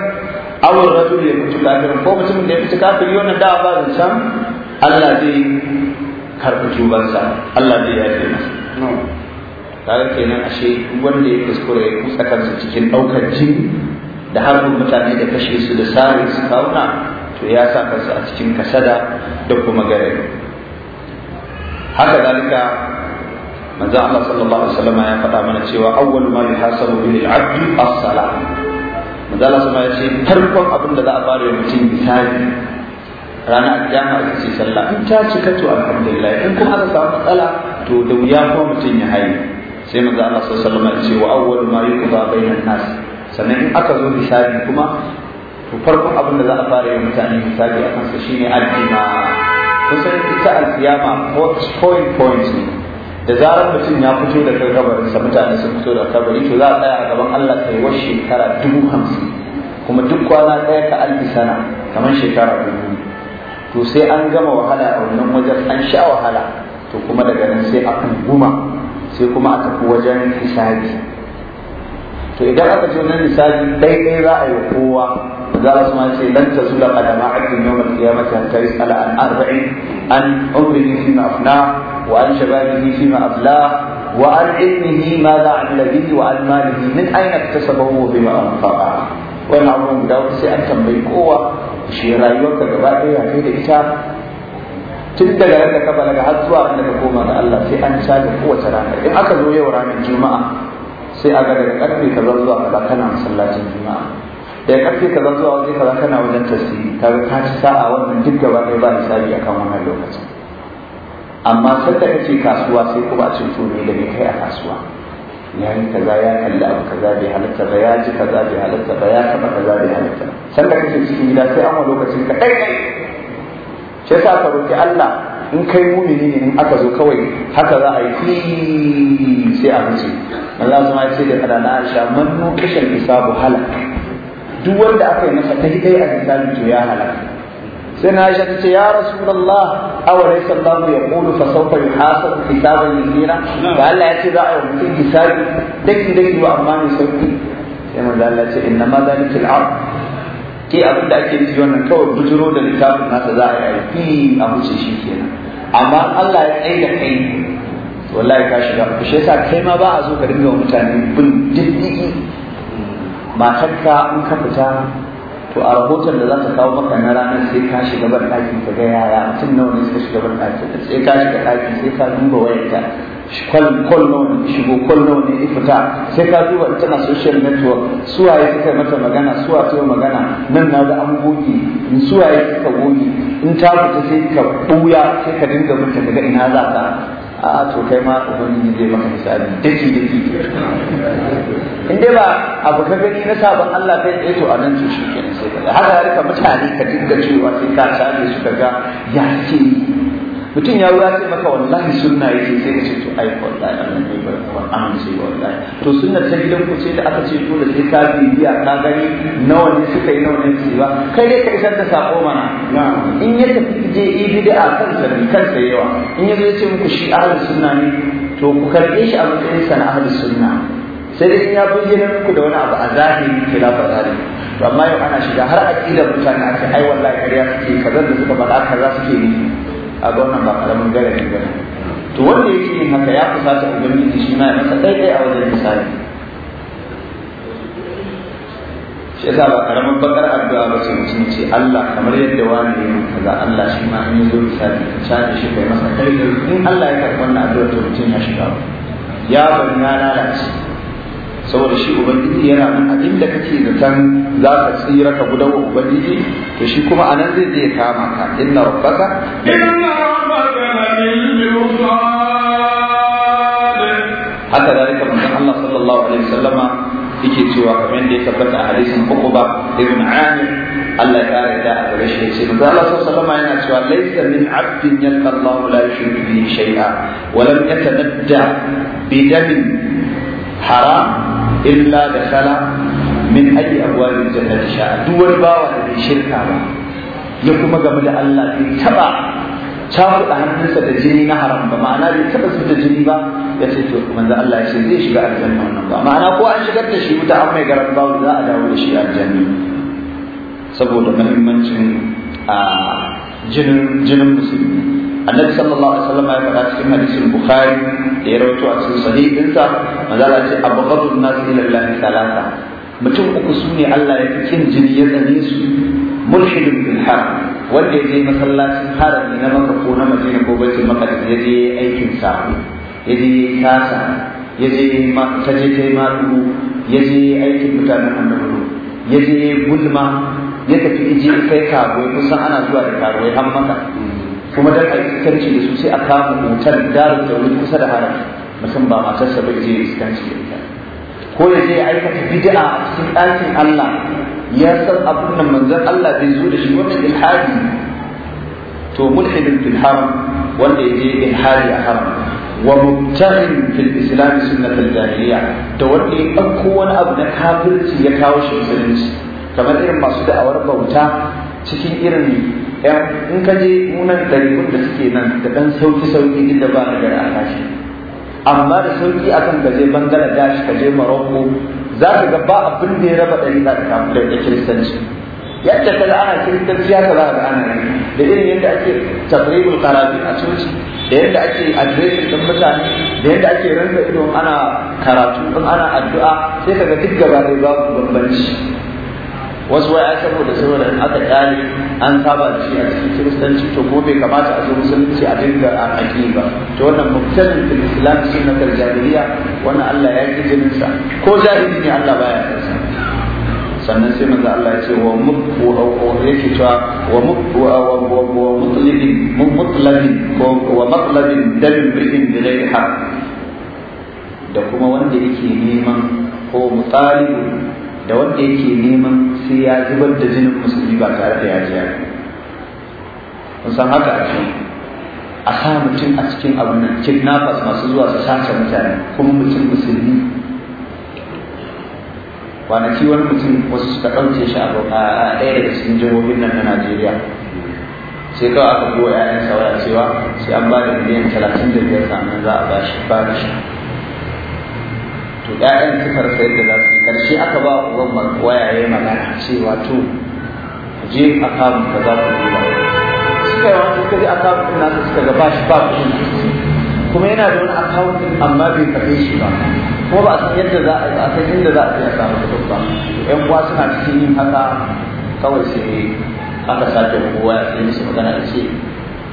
aw rajul ya mutu kafir ko mutumin da ya mutu kafir yana da ba zan Allah zai karbi tubansa Allah zai yafe masa tare kenan ashe wanda ya kuskure ya kusa kansa cikin daukar jini da harbin mutane da kashe su da sare su kawuna to ya sa kansa a cikin kasada da kuma gare haka zalika manzo Allah sallallahu alaihi wasallam ya faɗa mana cewa awwal ma yuhasabu bihi al-'abd as-salah manzo Allah sallallahu ya ce farkon abin da za a fara mutum misali ranar kiyama da ce sallah in ta cika to alhamdulillah in kuma aka samu matsala to da wuya ko mutum ya haye sai manzo Allah sallallahu alaihi wasallam ya ce wa awwal ma yuqda bainan nas sannan in aka zo misali kuma to farkon abin da za a fara yin mutane misali a kansa shine addima kusan ita alkiyama point point ne da zarar mutum ya fito da kabarin sa mutane sun fito da kabari to za a tsaya a gaban Allah kai wa shekara dubu hamsin kuma duk kwana ɗaya ka alfi sana kamar shekara dubu to sai an gama wahala a wannan wajen an sha wahala to kuma daga nan sai a kunguma sai kuma a tafi wajen hisabi to idan aka ce wannan hisabi daidai za a yi kowa za su ma ce lan ta sula kada ma'akin yau mai ya mace hankali ala an arba'i an umrini fi ma'afna wa an shababihi fi ma'afla wa an ilmihi ma za a lalabi wa an malihi min aina ta sabon wobe ma'a mafaba wannan abubuwan guda wata sai an tambayi kowa shi rayuwarka gaba ɗaya kai da ita tun daga yadda da kafa daga har zuwa wanda ka ga Allah sai an sha da kowace rana in aka zo yau ranar juma'a sai a ga daga karfe ka zuwa kaza kana masallacin juma'a da karfe ka zan zuwa waje kaza kana wajen tasiri kaga ka ci sa'a wannan duk gaba ɗaya ba a akan wannan lokacin amma sai da kace kasuwa sai kuma a cin tsoro da kai a kasuwa ya yi kaza ya kalli abu kaza bai halatta ba ya ji kaza bai halatta ba ya taɓa kaza bai halatta ba san da kace cikin gida sai an wa lokacin ka kai kai shi yasa ka roki Allah in kai mumini ne in aka zo kawai haka za a yi sai a wuce Allah zama ya ce da kana na Aisha man kishin kishan isabu halak duk wanda aka yi masa tahi a misali to ya halaka sai na aisha tace ya rasulullah aw laysa allah yaqulu fa sawfa yuhasab hisaban yasira da Allah ya ce za a yi mutum hisabi daki daki wa amma mai sauki sai manzo Allah ya ce inna ma zalika al-ard ke abin da ake nufi wannan kawai bujiro da littafin nasa za a yi aiki? a wuce shi kenan amma Allah ya tsaye da kai wallahi ka shiga ku shi yasa kai ma ba a zo ka dinga mutane bin diddigi matarka in ka fita to a rahoton da za ta kawo maka na ranar sai ka shiga ban ɗakin ka ga yaya mutum nawa ne suka shiga ban ɗakin sai ka shiga ɗakin sai ka duba wayarta kwal nawa ne shigo kwal nawa ne fita sai ka duba na social network suwaye suka mata magana suwa ta magana nan na da an goge in suwaye suka goge in ta fita sai ka ɓuya sai ka dinga mutum daga ina za ka a to kai ma ubangiji zai maka hisabi daki daki in dai ba abu ka gani na sabon Allah kai tsaye to a nan to shi kenan sai ka haka rika mutane ka dinga cewa sai ka same su ka ya ce mutum ya wuya sai maka wallahi sunna yake sai ka ce to ai wallahi Allah ne ba ba amince wallahi to sunna ta gidan ku ce da aka ce dole sai ka bibiya ka gani nawa ne suka yi nawa ne su ba kai dai ka isar da sako mana in ya tafi je yi a kan bi kan yawa in ya zo ya ce muku shi ahlus sunna ne to ku karbe shi a matsayin sana ahlus sunna sai dai ya bayyana muku da wani abu a zahiri khilafa zahiri to amma yau ana shiga har aqidar mutane a ce ai wallahi kariya suke kaza da suka faɗa kaza suke nufi a wannan ba karamin ba to wanda yake yin haka ya fusata ubangiji shi ma ya masa daidai a wajen misali shi yasa ba karamin bakar addu'a ba sai mutum ce Allah kamar yadda wani ya yi kaza Allah shi ma an yi zo misali ka shafe shi kai masa daidai in Allah ya karɓi wannan addu'a to mutum ya shiga ya bari ya lalace saboda shi ubangiji yana nan abin da kake zaton za ka tsira ka gudan wa ubangiji to shi kuma a nan zai je kama ka inna rabbaka inna rabbaka haka zalika manzon Allah sallallahu alaihi wasallama yake cewa kamar da ya tabbata a hadisin Uqba ibn Amir Allah ya kare da a gare shi yace manzo Allah sallallahu alaihi yana cewa laysa min abdin yalqa Allah la yushriku bihi shay'a wa lam yatanadda bi haram illa da kala min ayi abwabin jannati sha duk wani bawa da bai shirka ba ya kuma game da Allah bai taba cakuɗa hannunsa da jini na haram ba ma'ana bai taɓa su da jini ba ya ce to manzo Allah ya ce zai shiga aljanna wannan ba ma'ana ko an shigar da shi wuta an mai garan bawo za a dawo da shi aljanna saboda muhimmancin a jinin jinin musulmi annabi sallallahu alaihi wasallam ya faɗa cikin hadisin bukhari da ya rawato a cikin sahih dinsa manzala ce abghadun nas ila Allah salasa mutum uku su ne Allah ya fi kin jini ya tsane su mulhidun bil haram wanda ya je masallacin harami na maka ko na madina ko baitul maqdis ya je aikin sa ya je kasa ya je ta je ta yi maɗu ya je aikin mutanen annabi ya je gulma ya tafi ije kai karuwai kusan ana zuwa da karo ya maka kuma dan ayi iskanci da su sai a kama hotel darin da wani kusa da haram mutum ba matarsa ba je iskanci da ita ko ya je aikata bid'a a cikin ɗakin Allah ya san abin nan manzon Allah bai zo da shi wannan ilhadi to mulhidin fil haram wanda ya je ilhadi a haram wa mubtahin fil islam sunnatul jahiliya da wanda ya ɗauko wani abu na kafirci ya kawo shi musulunci kamar irin masu da'awar bauta cikin irin yan in ka je munan ɗarikun da suke nan da ɗan sauki-sauki inda ba ka gari a kashi amma da sauki akan ka je shi ka je morocco za ka ga ba abin da ya raba ɗari da da kiristanci yadda ka ana kiristanci haka za ka ana da irin yadda ake tabribul karabi a coci da yadda ake adireshin ɗin mutane da yadda ake rantsa ido ana karatu ɗin ana addu'a sai ka ga duk gaba ɗaya babu bambanci wasu wai aka da saboda in aka tsari an saba da shi a cikin kiristanci to ko bai kamata a zo musulunci a dinga a haƙi ba to wannan mubtadin fil islam na jahiliya wannan Allah ya yi jinin sa ko jahili ne Allah baya sa sannan sai manzo Allah ya ce wa mutwa yake cewa wa mutwa wa wa mutlidin mutlidin wa matlidin dal bi'in bi ha? da kuma wanda yake neman ko mutsalibu da wanda yake neman sai ya zubar da jinin musulmi ba tare da yaji ya kun san haka a a sa mutum a cikin abu nan kidnappers masu zuwa su sace mutane kuma mutum musulmi kwanaki wani mutum wasu suka ɗauke shi a ɗaya daga cikin jihohin nan na Najeriya sai kawai aka buwa 'ya'yan waya cewa sai an ba da miliyan talatin da biyar kamin za a ba shi ba da shi to ƴaƴan suka rasa yadda za su yi karshe aka ba uban waya ya magana cewa to je a kamun ka za ku duba suka yi wani suka je a kamun ɗin nasu suka ga ba shi ba ku kuma yana da wani akawun amma bai kafe shi ba kuma ba a san yadda za a san inda za a yi a samu kuɗin ba ƴan uwa suna cikin yin haka kawai sai aka sake kowa ya sai musu magana da ce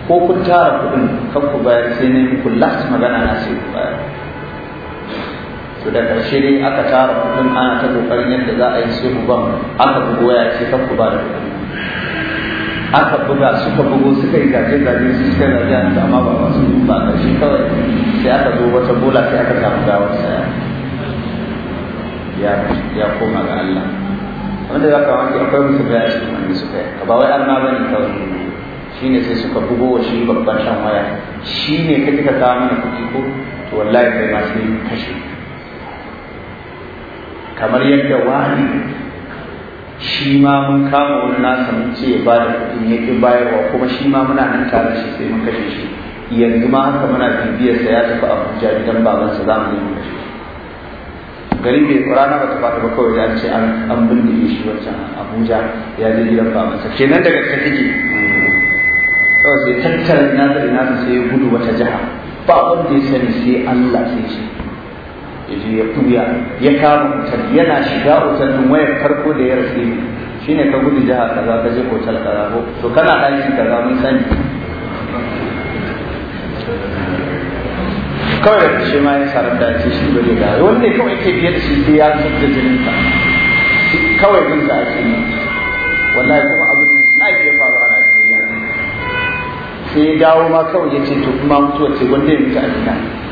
ko kun tara kuɗin kan ku bayar sai ne ku last magana na sai ku bayar to da karshe dai aka tara kudin ana ta kokarin yadda za a yi sai uban aka bugo ya ce kan ku ba da aka buga suka bugo suka yi gaje gaje su suka gaje an ta amma ba ba su ba shi kawai sai aka zo wata bola sai aka samu gawar saya ya ya koma ga Allah wanda ya kawo ki akwai musu da ya cikin wani suka yi ba wai an ba ne kawai shi ne sai suka bugo wa shi babban shan waya shi ne ka kika kawo mana kuɗi ko to wallahi kai ma sai kashe kamar yadda wani shi ma mun kama wani nasa mun ce ya bada kudin yake bayarwa kuma shi ma muna nan tare shi sai mun kashe shi yanzu ma haka muna bibiyar sa ya tafi Abuja gidan babansa za mu je yi. kashe shi garin bai rana ba ta fata ba kawai an ce an bindige shi wancan Abuja ya je gidan babansa kenan daga ta kike kawai sai tattara ina da ina sai ya gudu wata jiha ba wanda ya sani sai Allah sai shi yaje ya tuya ya kama otal yana shiga otal din wayar farko da ya rasu shine ka gudu jiha kaza ka je otal kaza ko to kana aiki kaza mun sani kawai shi ma ya sarar da ce shi bane da wanda kawai ke biyar da shi sai ya tsabta jinin ka kawai din da ake yi wallahi kuma abin nan na ke faru a Najeriya sai ya dawo ma kawai ya ce to kuma mutuwa ce wanda ya mutu a gida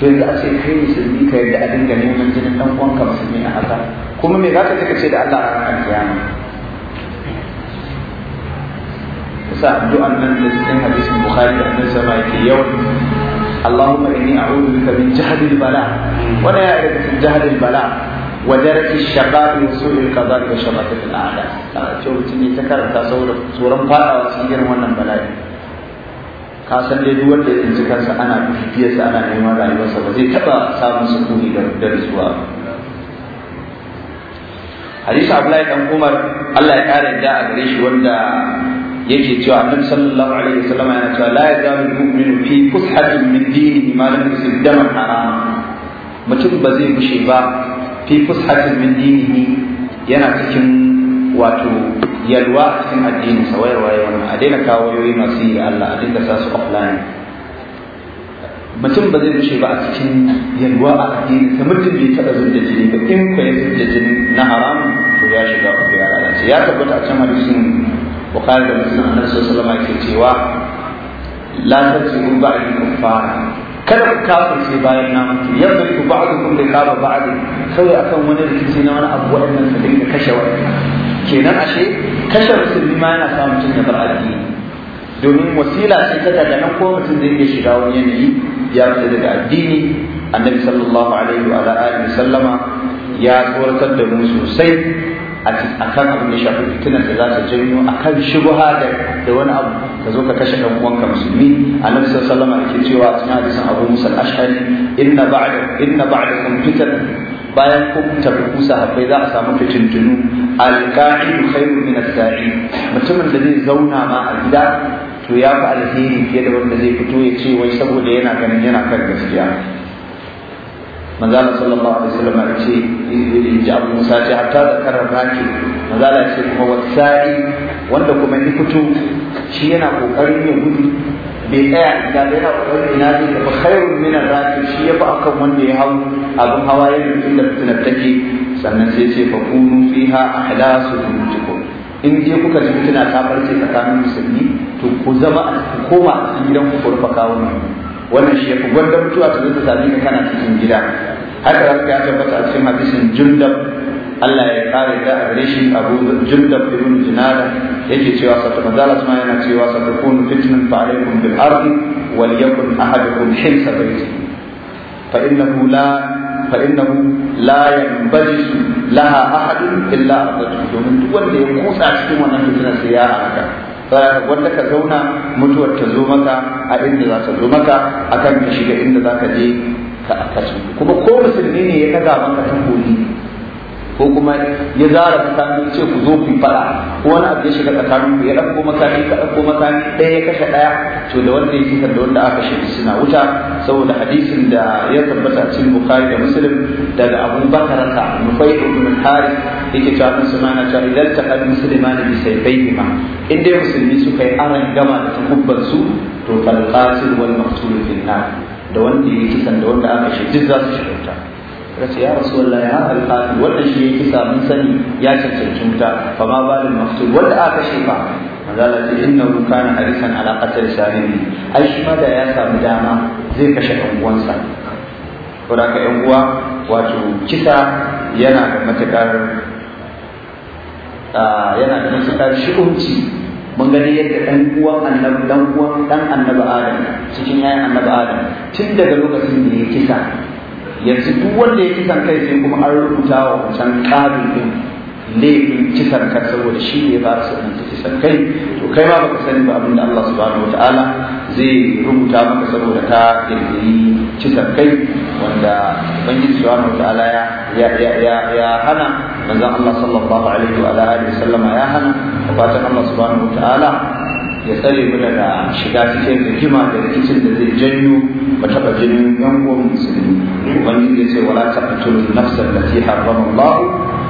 to yanzu a ce kai musulmi ka yadda a dinga neman jinin dan uwanka musulmi a haka kuma me za ka ce da Allah a ranar kiyama kusa addu'an nan da cikin hadisin bukhari da annabi sama yake yau Allahumma inni a'udhu bika min jahdil bala wa la ya'rifu min jahdil bala wa darati shabab min su'il qada wa shabatil a'da a ce ne ta karanta sauran fadawa cikin wannan bala'i ka san dai duk wanda yake cikin sa ana sa ana neman rayuwarsa ba zai taɓa samun sukuni da da ba hadisi Abdullahi dan Umar Allah ya kare da a gare shi wanda yake cewa Annabi sallallahu alaihi wasallam yana cewa la yazamu mu'minu fi fushatin min dinihi ma lam yusib daman haram mutum ba zai bushe ba fi fushatin min dinihi yana cikin wato yalwa cikin addini sa waye waye wannan a daina kawo wayoyi masu yi Allah a dinga sa su offline mutum ba zai rushe ba a cikin yalwa a addini ta mutum bai taɓa zubda jini ba in ko ya zubda jini na haram to ya shiga ku ya lalace ya tabbata a can hadisin bukhari da muslim annabi sallallahu alaihi wasallam cewa la a yi kuffara kada ku kafirce bayan na mutu yadda ku ba'dukum da kafa ba'd sai akan wani rikici na wani abu waɗannan da dinga kashe wani kenan ashe kashe musulmi ma yana sa mutum ya bar addini domin wasila sai ta daga nan ko mutum zai iya shiga wani yanayi ya fita daga addini annabi sallallahu alaihi wa alihi sallama ya tsoratar da mu sosai a kan abin da shafi fitinan da za ta janyo a kan shubha da wani abu ka zo ka kashe ɗan uwanka musulmi annabi sallallahu alaihi wa sallama cewa a cikin hadisin abu musa ashari inna ba'da inna ba'dakum fitan bayan kun tafi kusa haɓai za a samu fitintunu alƙa'idu khairu min as-sa'i mutumin da zai zauna ma a gida to ya fi alheri fiye da wanda zai fito ya ce wai saboda yana ganin yana kan gaskiya manzala sallallahu alaihi wasallam ya ce ji abu musa ce hatta da karar raki manzala ce kuma wasa'i wanda kuma ni fito shi yana kokarin yin gudu bai tsaya da yana kokarin ina zai tafi khairun min ar-raki shi ya fi akan wanda ya hau abin hawa ya rutun da fitina take sannan sai ce fa kunu fiha ahlasu wujukum in je kuka ji fitina ta barce tsakanin musulmi to ku zama a ku koma a cikin gidan ku kawo wannan shi ya fi gwanda mutuwa ta zai sami ka kana cikin gida haka ya tabbata a cikin hadisin jundab Allah ya kare da a gare shi Abu Jundab ibn Junada yake cewa sa ta manzala kuma yana cewa sa ta kunu fitnan fa alaikum bil ardi wal yakun ahadukum hinsa baiti fa innahu la fa innahu la yanbajis laha ahadun illa ardatu domin duk wanda ya kusa cikin wannan fitna sai ya haka wanda ka zauna mutuwar ta zo maka a inda za ta zo maka akan ka shiga inda za ka je ka akasu kuma ko musulmi ne ya kaga maka ta koyi ko kuma ya zara tsakanin ce ku zo ku fara ko wani abu ya shiga tsakanin ku ya dauko makami ka dauko makami ɗaya ya kashe ɗaya to da wanda ya kisa da wanda aka shiga suna wuta saboda hadisin da ya tabbata cikin bukhari da muslim daga abu bakarata nufai ibn al-harith yake cewa kan suna na cewa idan ta kan musulmani bi sayfaihima ma inda musulmi suka yi aran gama da tukubban su to fal qatil wal maqtul fil nar da wanda ya kisan da wanda aka shi duk za su shiga wuta ka ce ya rasulullah ya haka alƙali wanda shi ya kisa mun sani ya cancanci wuta fa ma da maftul wanda aka kashe fa manzala ce inna kana harisan ala qatl shahidi ai shi ma da ya samu dama zai kashe ɗan uwansa ko da ka ƴan uwa wato kisa yana da matukar yana da matukar shi'unci mun gani yadda ɗan uwan annabi ɗan uwan ɗan annabi adam cikin yayin annabi adam tun daga lokacin da ya kisa yanzu duk wanda ya kisan kai sai kuma an rubuta wa wancan ƙarin ɗin laifin kisan kai saboda shi ne ba su rubuta kisan kai to kai ma baka sani ba abin da Allah subhanahu wa ta'ala zai rubuta maka saboda ka ƙirƙiri kisan kai wanda ubangiji subhanahu wa ta'ala ya ya ya ya hana manzon Allah sallallahu alaihi wa alihi wa sallama ya hana fatan Allah subhanahu wa ta'ala ya tsare mu daga shiga cikin rigima da rikicin da zai janyo ba taɓa jinin yan uwan musulmi ubangiji ya ce wala taqtulu nafsan allati harrama Allah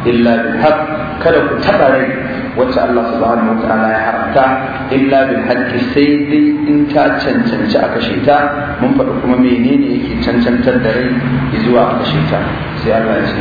illa bil haqq kada ku taɓa rai wacce Allah subhanahu wa ta'ala ya haramta illa bil haqqi sai dai in ta cancanci a kashe mun faɗi kuma menene yake cancantar da rai zuwa aka kashe sai Allah ya ce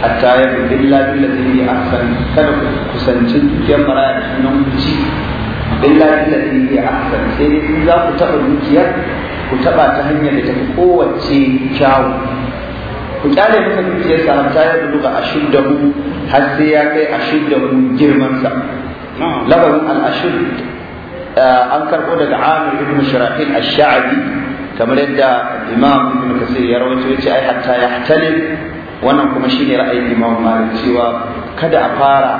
hatta ya bi illa billati hi ahsan kada ku kusanci dukiyar maraya da sunan ku ci illa billati hi ahsan sai dai in za ku taɓa dukiyar ku taɓa ta hanyar da ta fi kowace kyawu ku kyale masa dukiyarsa hatta ya buluga ashiddahu har sai ya kai ashiddahu girmansa labarin al'ashir eh, an karɓo daga amir ibn shirahil ash-sha'bi kamar yadda imam ibn kasir ya rawaito yace ai hatta yahtalim wannan kuma shi ne ra'ayin imam malik cewa kada a fara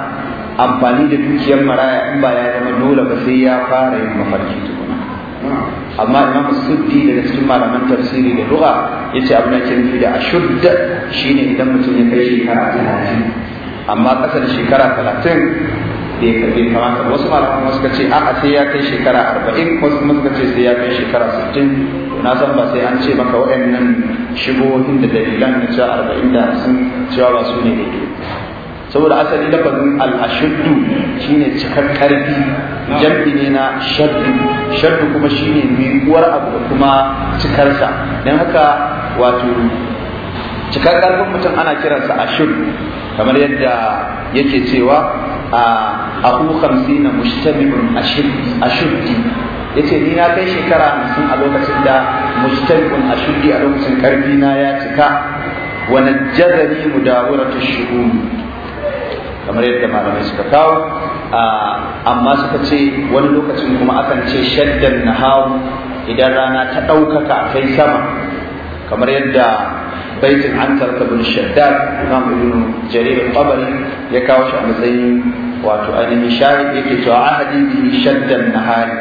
amfani da dukiyar maraya in ba ya zama dole ba sai ya fara yin mafarki tukuna amma imam suddi daga cikin malaman tafsiri da lugha yace abin da ke nufi da ashudda shine idan mutum ya kai shekara 30 amma kasar da shekara 30 ya karbe kamata wasu malaman kace ce a'a sai ya kai shekara arba'in wasu suka ce sai ya kai shekara sittin na san ba sai an ce maka waɗannan shigohin da dalilan na cewa arba'in da hamsin cewa ba su ne daidai saboda asali lafazin al'ashuddu shine cikar karfi jam'i ne na shaddu shaddu kuma shine miƙuwar abu da kuma cikarsa don haka wato cikar karfin mutum ana kiransa ashuddu kamar yadda yake cewa A hamsi na mujtami'un ashuddi ya ce ni na kai shekara hamsin a lokacin da mujtami'un ashuddi a lokacin karfi na ya cika wani jazari mu dawuratu shuhumi kamar yadda malamai suka kawo amma suka ce wani lokacin kuma akan ce shaddan hau, idan rana ta ɗaukaka kai sama kamar yadda baitin hantar tarka bin shaddad imam ibn jarir al ya kawo shi a matsayin wato ainihin shari yake cewa ahadi bihi shaddan nahari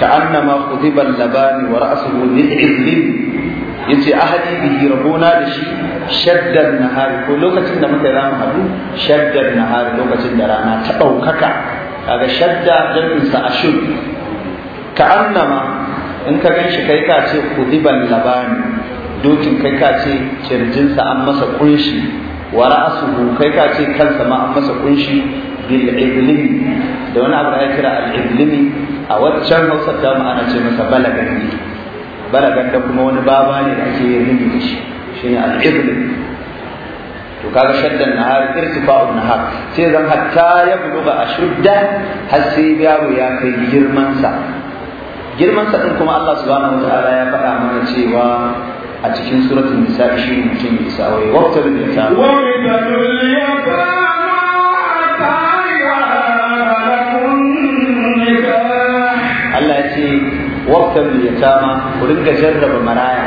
ka annama khudiba al-labani wa ra'suhu lil'izlin yace ahadi bihi rabona da shi shaddan hari. ko lokacin da muka rama hadu shaddan nahari lokacin da rana ta daukaka kaga shadda jamin a ashud ka annama in ka ganshi kai ka ce kudiban labani dokin kai ka ce kirjinsa an masa kunshi wa ra'asuhu kai ka ce kansa ma an masa kunshi bil iblim da wani abu ya kira al iblimi a waccan hausa ta mu ana ce masa balagan ne balagan da kuma wani baba ne da ake yin da shi shine al iblim to kaga shaddan nahar irtifa'un nahar sai zan hatta ya buluga ashudda har sai yaro ya kai girman sa girman sa din kuma Allah subhanahu ta'ala ya faɗa mana cewa a cikin suratul nisa shi ne mutum ya isa wai waqtul yatama waqtul Allah ya ce waqtul yatama ku dinga jarraba maraya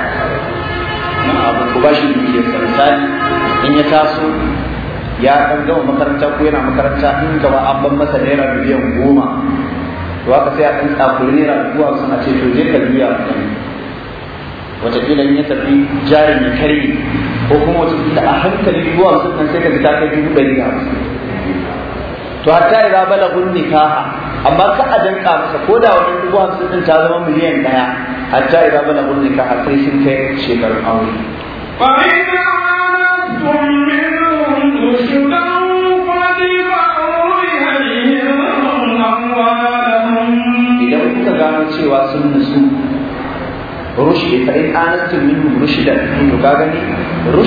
abu ku ne dukiyar misali in ya taso ya kan gama makaranta ko yana makaranta in gaba an ban masa naira miliyan goma to ka sai a kan tsakuri naira zuwa suna ce to je ka biya mutane wataƙila in ya tafi jarin ya karye ko kuma watakila a hankali zuwa musamman sai ka bi ta kai dubu ɗari da to raba idza gun nikaha amma ka a danka masa ko da wani dubu hamsin ɗin ta zama miliyan ɗaya raba idza gun nikaha sai sun kai shekarun aure. idan kuka gano cewa sun rushdi fa in anantum minhum rushdan to ka gani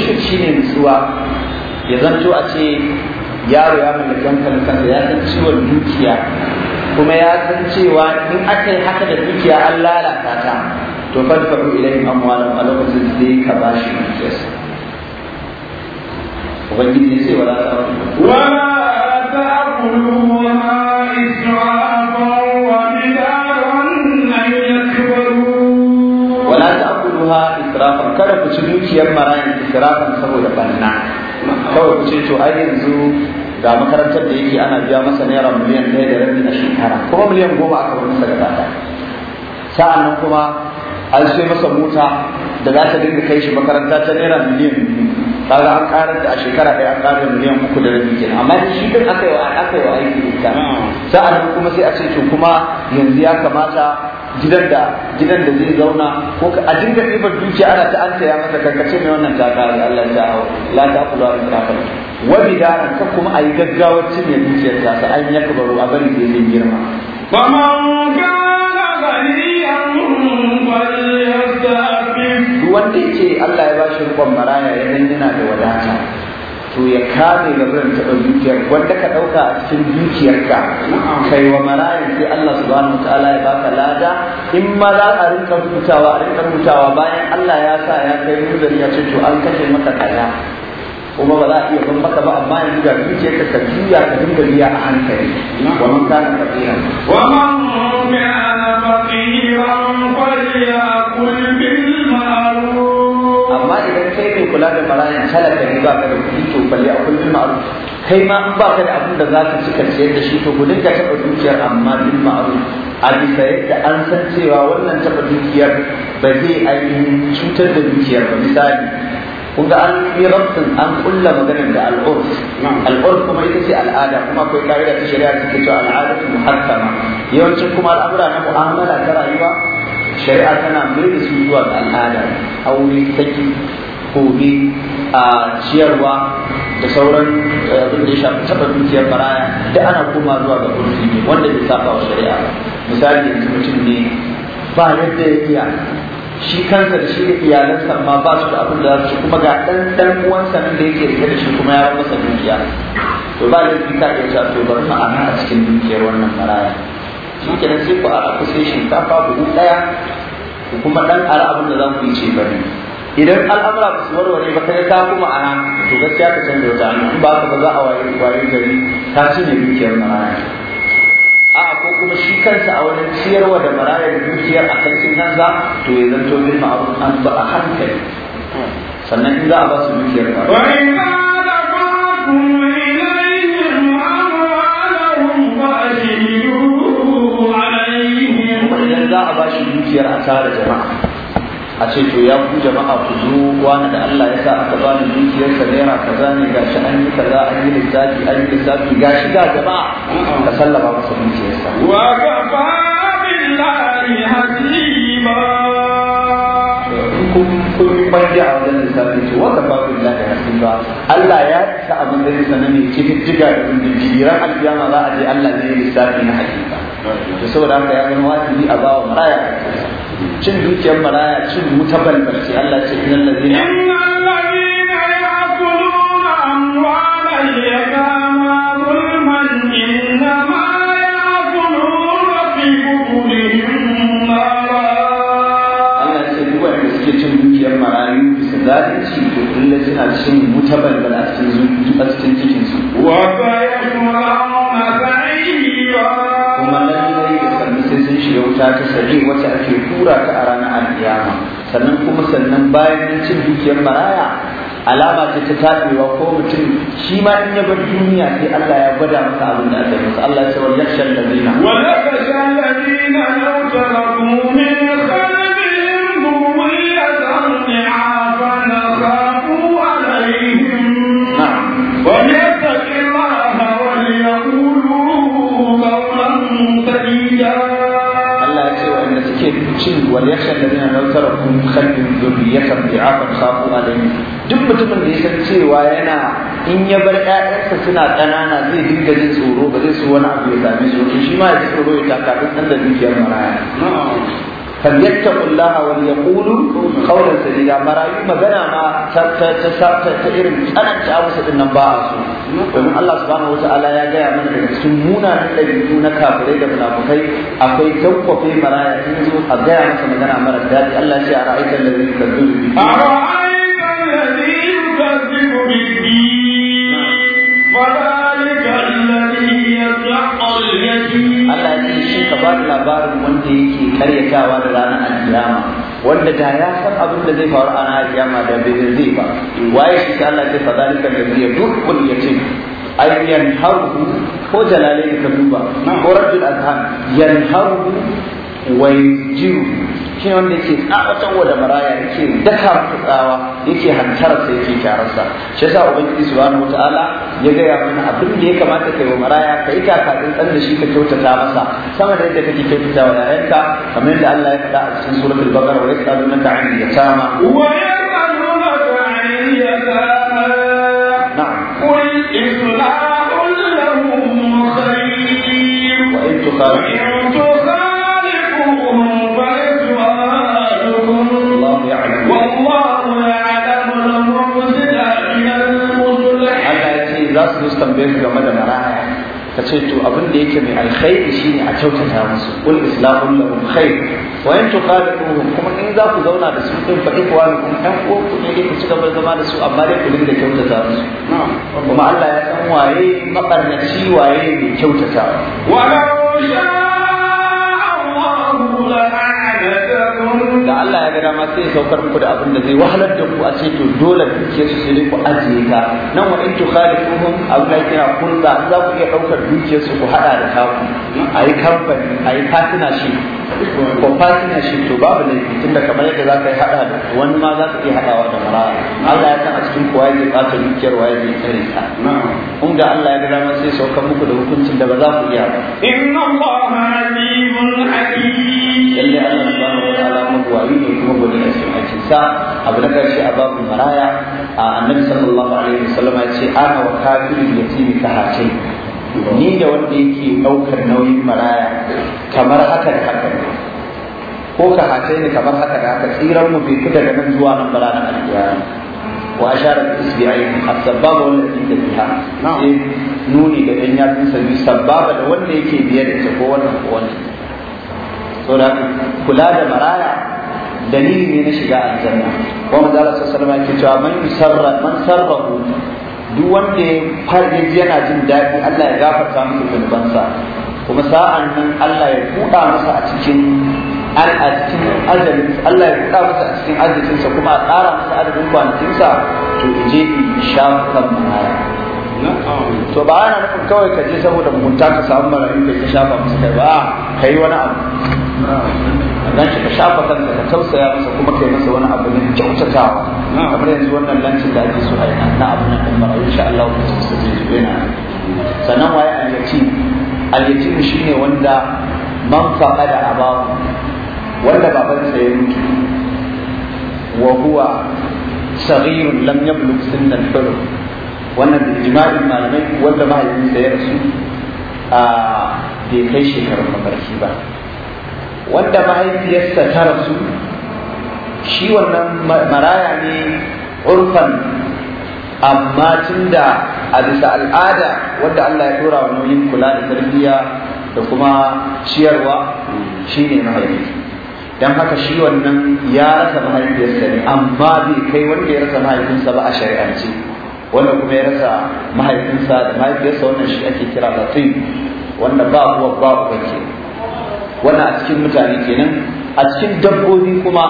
shi shine nutsuwa ya zanto a ce yaro ya mallaki hankalin kansa ya san ciwon dukiya kuma ya san cewa in aka haka da dukiya an lalata ta to farfaru ilayhim amwalam a lokacin sai ka bashi dukiyarsa ubangiji ya ce wala wa dukiyar marayan israfan saboda banna kawai ku ce to ai yanzu ga makarantar da yake ana biya masa naira miliyan ɗaya da rabi a shekara kuma miliyan goma a kawai masa gaba ɗaya nan kuma an sai masa mota da za ta dinga kai shi makaranta ta naira miliyan biyu kaga an karar da a shekara ɗaya an karar miliyan uku da rabi kenan amma shi din aka yi wa yi aiki da ita hmm. nan kuma sai a ce to kuma yanzu ya kamata gidan da gidan da zai zauna ko a dinga ɗibar dukiya ana ta an taya masa karkace mai wannan ta kare Allah ya hawo la ta kula da kafin wa bidaran ka kuma ayi gaggawar cinye dukiyar ta sa an yaka baro a bari sai zai girma faman ya ghaniyan falyastafif wanda yake Allah ya bashi rubon maraya ya yana da wadata to ya kame da zan taɓa dukiyar wanda ka ɗauka a cikin dukiyarka kai wa marayin sai Allah subhanahu wa ta'ala ya baka lada in ma za a rinka hutawa a rinka hutawa bayan Allah ya sa ya kai muzari ya ce to an kashe maka kaya kuma ba za a iya ban maka ba amma yanzu ga dukiyarka ka juya ka dinga biya a hankali wa man kana faqiran wa man faqiran falyakul bil idan kai mai kula da marayan talaka ne ba ka da kuɗi to balle a kullum ma'ruf kai ma in ba ka da abin da za ka cika ciyar da shi to gudun ka taɓa dukiyar amma bil ma'ruf a bisa yadda an san cewa wannan taɓa dukiyar ba zai ainihin cutar da dukiyar ba misali kuga ga an yi rabtin an kulla maganar da al'urf al'urf kuma ita ce al'ada kuma akwai ka'ida ta shari'a ta ke cewa al'ada muhakkama yawancin kuma al'amura na mu'amala ta rayuwa shari'a tana mai da su zuwa ga al'ada aure saki kobe a ciyarwa da sauran eh, abin da ya shafi taɓa dukiyar baraya da ana koma zuwa ga kurfi ne wanda bai saba wa shari'a misali yanzu mutum ne ba yadda ya iya shi kansa da shi da iyalansa ma ba su da abin da za su kuma ga ɗanɗan ɗan uwansa nan da yake rike da shi kuma ya masa dukiya to ba da ka iya sa to bari ma'ana a cikin dukiyar wannan baraya shi ke sai ku a ku sai shinkafa buhu ɗaya ku kuma ɗan ara da za ku yi ce ne idan al'amura ba su warware ba kai ta kuma a nan to gaskiya ka canza wata in ba ka ba za a waye waye gari ci ne dukiyar maraya a ko kuma shi kansa a wani ciyarwa da marayar dukiyar a nan kansa to ya zanto bin abu an ba a hankali sannan in za a ba su dukiyar maraya tara jama'a a ce to ya ku jama'a ku zo wani da Allah ya sa aka bani dukiyarsa naira kaza ne gashi an yi kaza an yi lissafi an yi lissafi gashi ga jama'a ka sallama masa dukiyarsa wa kafa billahi hasiba kun kun bangi a wajen lissafi ce wa kafa billahi hasiba Allah ya sa abin da zai ne cikin kididdiga da bibiran alkiyama za a je Allah zai lissafi na hakika to saboda haka ya zama wajibi a bawa maraya cin dukiyar maraya cin wuta balbalci Allah ce innal ladina innal ladina ya'kuluna amwalan yatama zulman innama ya'kuluna fi butunihim nara Allah ce duk wanda suke cin dukiyar marayu su bisa zalunci to kullum suna cin wuta balbal a cikin cikin su wa ka yasma'u ta ta sarri wacce ake tura ta a ranar alkiyama sannan kuma sannan bayan cin dukiyar maraya alama ce ta tabewa ko mutum shi ma in ya bar duniya sai Allah ya gwada masa abin da aka Allah ya ce wal yakhsha alladina min وليخشى الذين لو تركوا من خلفهم ذرية ضعافا خافوا عليهم duk mutumin da ya san cewa yana in ya bar ƴaƴansa suna ƙanana zai dinga jin tsoro ba zai so wani abu ya same shi shi ma ya ji tsoro ya taka duk da dukiyar maraya فليتقوا الله وليقولوا قولا سديدا ما رايو ما بنا ما تسابت تئر انا تعاوس النباء الله سبحانه وتعالى يا جاي من سمونا تجدون كافرين من ابوكي اخي توقف في مرايا تنزو حتى يعرف ما بنا مرا الذاتي الله شيء ارايت الذي يكذب به ارايت الذي يكذب به فذلك نعم. الذي يدعو اليتيم ba labarin wanda yake karyatawa da ranar alkiyama wanda da ya san abin da zai faru a ranar alkiyama da bai zai ba waye shi ta Allah ya faɗa duka da zai dukkan ya ce ay yanharuhu ko jalalain ka duba ko rabbul azhar yanharu wa yajiru shi wanda yake a tsawatarwa wada maraya yake dakar tsawa yake hantar sai yake kyararsa shi yasa ubangiji subhanahu wataala ya ga ya mana abin da ya kamata kai wa maraya ka ka kaka da shi ka kyautata masa sama da yadda kake kyautata wa yayanka kamar yadda Allah ya faɗa a cikin suratul baqara wa yasalunaka 'anil yatama wa yasalunaka 'anil yatama qul islahu lahum khair wa in tukhawiru su zo tambaye ku game da maraya ka ce to abin da yake mai alkhairi shine a kyautata musu kul islamul lahum khair wa in tuqadiruhum kuma in za ku zauna da su din fa ikwa ne kun dan ko ku ne ku cigaba da zama da su amma dai ku da kyautata musu kuma Allah ya san waye mabarnaci waye mai kyautata wa la sha Allahu la da Allah ya ga dama sai ya saukar muku da abin da zai wahalar da ku a ce to dole duke su sai ku ajiye ka nan wa in tukhalifuhum aw la kira kunza za ku iya daukar duke su ku hada da taku ayi kamfani ayi shi ko shi to babu ne tunda kamar yadda za ka yi hada da wani ma za ka iya hadawa da mara Allah ya san a cikin kuwa yake bata dukiyar waye zai tsare ta kun ga Allah ya ga dama sai saukar muku da hukuncin da ba za ku iya ba inna Allah kokari ne kuma gudu a cikin aikinsa abu na karshe a babu maraya a annabi sallallahu alaihi wasallam ya ce ana wa da yatimi ka hace ni da wanda yake daukar nauyin maraya kamar haka da haka ko ka hace ni kamar haka da haka tsiran mu bai fita daga nan zuwa nan bara na alƙiyama wa ashara bi isbi'aihi as-sababa wal ladhi tabiha eh, nuni da dan yatsun sabi sababa da wanda yake biye da ta ko wannan ko wannan saboda kula da maraya dalili ne na shiga aljanna wa manzala sallallahu alaihi wasallam cewa man sarra man sarrahu duk wanda ya farji yana jin daɗi Allah ya gafarta masa zunubansa kuma sa'an nan Allah ya buɗa masa a cikin an a Allah ya buɗa masa a cikin arzikinsa kuma a ƙara masa adadin kwanakinsa to je in sha kan to ba ana nufin kawai ka je saboda mugunta ka samu mara kai ka shafa musu kai ba ka yi wani abu dan shi ka shafa kanka ka tausaya masa kuma kai masa wani abu ne kyautatawa kamar yanzu wannan lanci da ake so a na abu na kan mara insha Allah wani su zai zo yana sannan waye alyatim alyatim shine wanda man faqada abahu wanda babansa ya mutu wa huwa saghirun lam yablugh sinna al wannan da ijma'in malamai wanda mahaifinsa ya rasu a bai kai shekarun mafarki ba wanda mahaifiyarsa ta rasu shi wannan maraya ne urfan amma tunda a bisa al'ada wanda Allah ya tura wa nauyin kula da tarbiyya da kuma ciyarwa shi ne mahaifi don haka shi wannan ya rasa mahaifiyarsa ne amma bai kai wanda ya rasa mahaifinsa ba a shari'ance wanda kuma ya rasa mahaifinsa da mahaifiyarsa wannan shi ake kira latin wanda ba kuwa ba ubanke wannan a cikin mutane kenan a cikin dabbobi kuma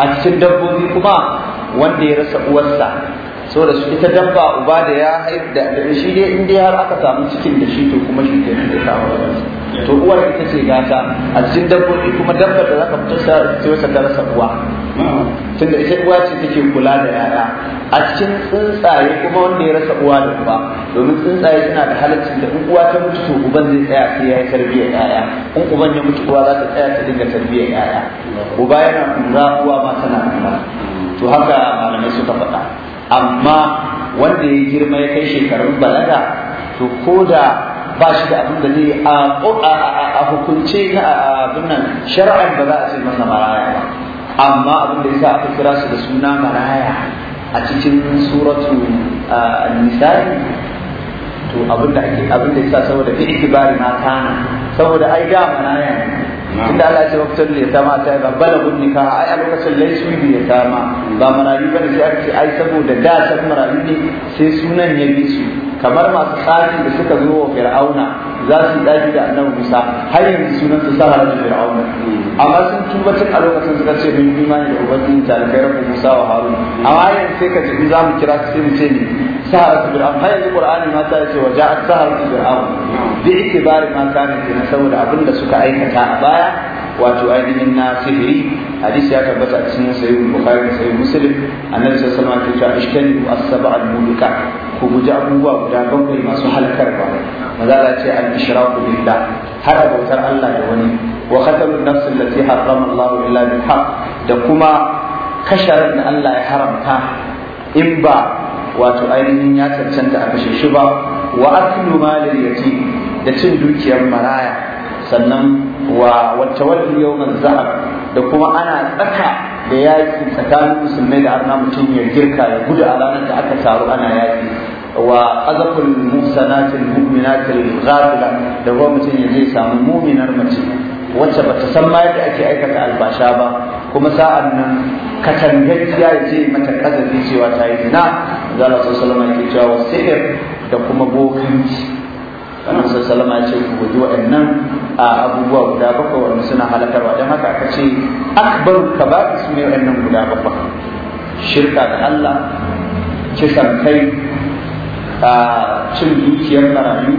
a cikin dabbobi kuma wanda ya rasa uwarsa saboda su ita dabba uba da ya haifu da shi dai in dai har aka samu cikin da shi to kuma shi ke da samu to uwar ita ce gata a cikin dabbobi kuma dabba da zaka fito ta wata ta rasa uwa tunda ita uwa ce take kula da yara a cikin tsuntsaye kuma wanda ya rasa uwa da uba domin tsuntsaye suna da halaccin da in uwa ta mutu to uban zai tsaya sai ya yi tarbiyyar yaya in uban ya mutu uwa za ta tsaya ta dinga tarbiyyar yaya uba yana kura uwa ma tana kura to haka malamai suka faɗa amma wanda ya girma ya kai shekarun balaga to ko da ba shi da abin da zai a hukunce na abin nan shari'ar ba za a ce masa maraya ba amma abin da yasa aka kira su da suna maraya a cikin suratu nisa'i to abin da ake abin da yasa saboda fi ikibari ma kana saboda ai da maraya inda Allah ya ce waqtul ta ta ba balagun ka, ai a lokacin laisu ya yatama ba marayu bane sai ce ai saboda da san marayu ne sai sunan ya bi su kamar masu tsari da suka zo wa fir'auna za su daji da annabi musa har yanzu sunan su sahara da fir'auna amma sun a lokacin suka ce bin imani da ubangiji talibai rabbi musa wa harun amma yanzu sai ka ji za mu kira su sai mu ce ne sahara su fir'auna har yanzu qur'ani ma ta ce wa ja'a sahara su fir'auna bi ikibari ma kana na saboda abin da suka aikata a baya wato ainihin na sihiri hadisi ya tabbata a cikin sahih bukhari da sahih muslim annabi sallallahu alaihi wasallam ya ce ishtani as-sab'a al ku guji abubuwa guda bakwai masu ba. maza ya ce al-ishraku billah har abautar Allah da wani wa qatalu an-nafs allati harrama Allah illa bil haqq da kuma kasharar da Allah ya haramta in ba wato ainihin ya cancanta a kashe shi ba wa aklu malil yatim da cin dukiyar maraya sannan wa wacce wadda yawman za'ar da kuma ana tsaka da yaƙi tsakanin musulmai da arna mutum ya girka ya gudu a ranar da aka taru ana yaƙi wa azaful musanatil mu'minatil zafila da kuma mutum ya zai samu mu'minar mace wacce ba ta san ma yadda ake aikata albasha ba kuma sa'an nan katangacciya ya ce mata kazafi cewa ta yi zina zala salama ke cewa wasu da kuma bokanci wannan salama ya ce ku guji waɗannan a abubuwa guda bakwai wanda suna halakarwa don haka aka ce akbar ka su ne wa'annan guda bakwai shirka da Allah kisan kai a cin dukiyar marayu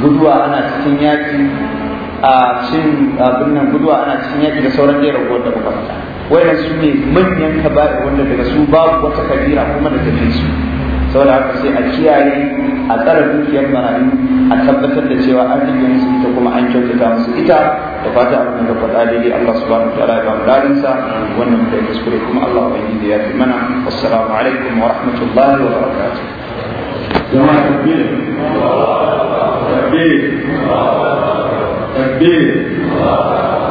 guduwa ana cikin yaki a cin abin nan guduwa ana cikin yaki da sauran jera ragowar da faɗa wannan su ne manyan kaba'ir wanda daga su babu wata kabira kuma da tafi su saboda haka sai a kiyaye a tsara dukiyar marayu a tabbatar da cewa an rike musu ita kuma an kyautata musu ita da fata abin da faɗa daidai Allah subhanahu wa ta'ala ya ba mu dadin sa wannan da kuskure kuma Allah ubangiji ya fi mana assalamu alaikum wa rahmatullahi wa barakatuh jama'a takbir takbir takbir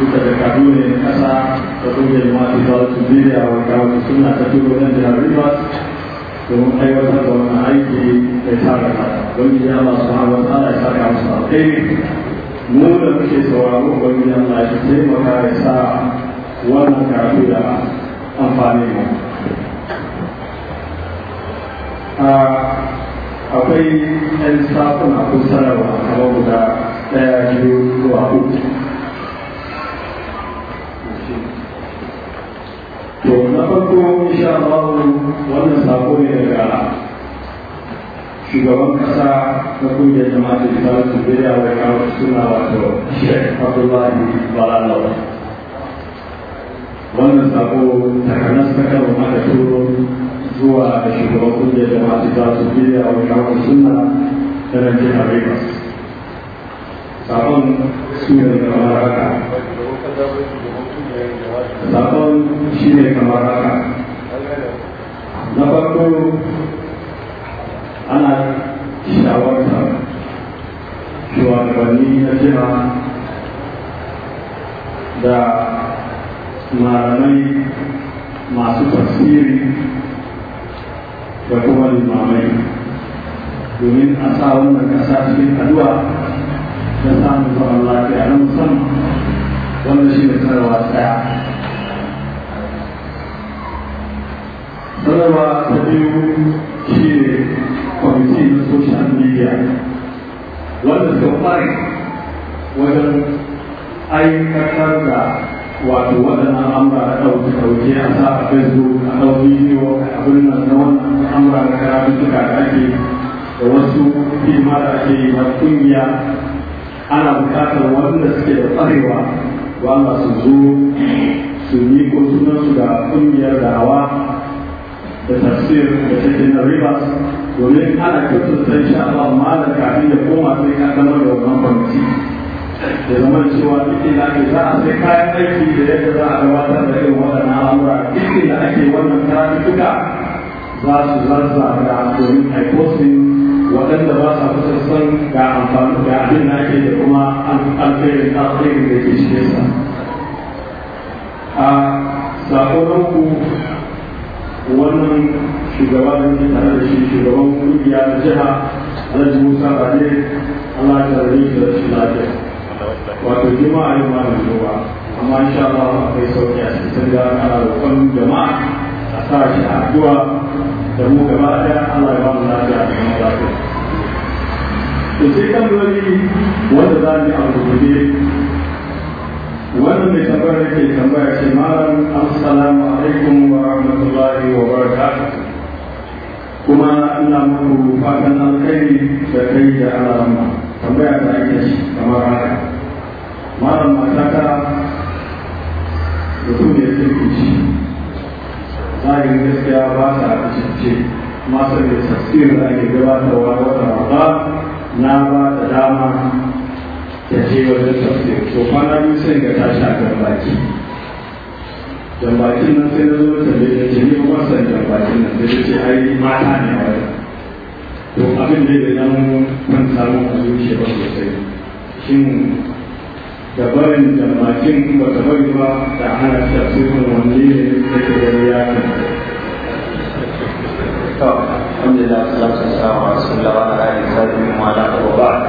duka da kadu kasa na ƙasa da kungiyar masu zuwa tuniriya wa kawai suna ta turo nan bas. rivers domin aiwatar da wani aiki da tara kada wani ya ba su hawa ya saka musu alheri mu da muke sauraro wani ya ba shi wannan da amfani mu akwai 'yan safuna kun sanarwa kamar guda ɗaya biyu zuwa uku to na farko insha wannan sako ne daga shugaban kasa na kungiyar jama'a da misalin Najeriya wai kawo suna wato Sheikh Abdullahi Balalawa wannan sako takanas ta kan da turo zuwa da shugaban kungiyar jama'a da misalin Najeriya wai kawo suna da nan jihar Rivers sakon su ne kamar haka sakon shi ne kamar haka na farko ana shawarta shugabanni na jiha da malamai masu tafsiri da kuma limamai domin a sa wannan ƙasa cikin addu'a da samun zaman lafiya na musamman wannan shi ne sanarwa ɗaya sanarwa ta biyu shi ne kwamiti na social media wanda suka fari wajen aikatar da wato waɗannan amra da ɗauki ɗauki a sa a facebook a ɗau bidiyo a abin nan na wannan amra da karatuttuka da ake da wasu hidima da ake yi na ƙungiya ana buƙatar wanda suke da tsarewa wanda su zo su yi ko sunansu ga kungiyar da'awa da tafsir da cikin na rivers domin ana kyautar san sha Allah malam kafin da koma sai ka zama da wannan kwamiti da zama da cewa duk da ake za a sai kayan aiki da yadda za a gabatar da irin waɗannan al'amura duk da ake wannan karatuka za su zarza da domin aiposin waɗanda ba sa kusa son ga amfani da abin na ke da kuma alfairin alfairin da ke cikin sa a sakon ku wannan shugaba da ke tare da shi shugaban kungiya na jiha alhaji musa bade allah ta rari da rashin lafiya wato jima'a yau ma da zuwa amma insha Allah akwai sauki a cikin da ana roƙon jama'a a sa shi a addu'a da mu gaba da Allah ya ba mu lafiya da kuma lafiya to sai kan dole wanda za mu abu gobe wannan mai tambayar da ke tambaya ce malam assalamu alaikum wa rahmatullahi wa barakatuh kuma ina muku fatan alkhairi da kai da alama tambaya ta ake shi kamar haka malam matata mutum ya ce zahirin gaskiya ba sa cikince masu da tafsir da ake gabatarwa wata ramadan na ba da dama ta je wajen tafsir to kwana biyu sai ga tashi a garbaki jambakin nan sai na zo ta da ya ce ni ba san jambakin nan da ya ce ai mata ne a wajen to abin da ya zama kun samu a zuciya ba sosai shin da barin da ba ta bari ba da hana tafsirin wanne ne da ke da ya kan to wanda sallallahu su wa sawa sun ala da wa sahbihi wa ala wa ba'd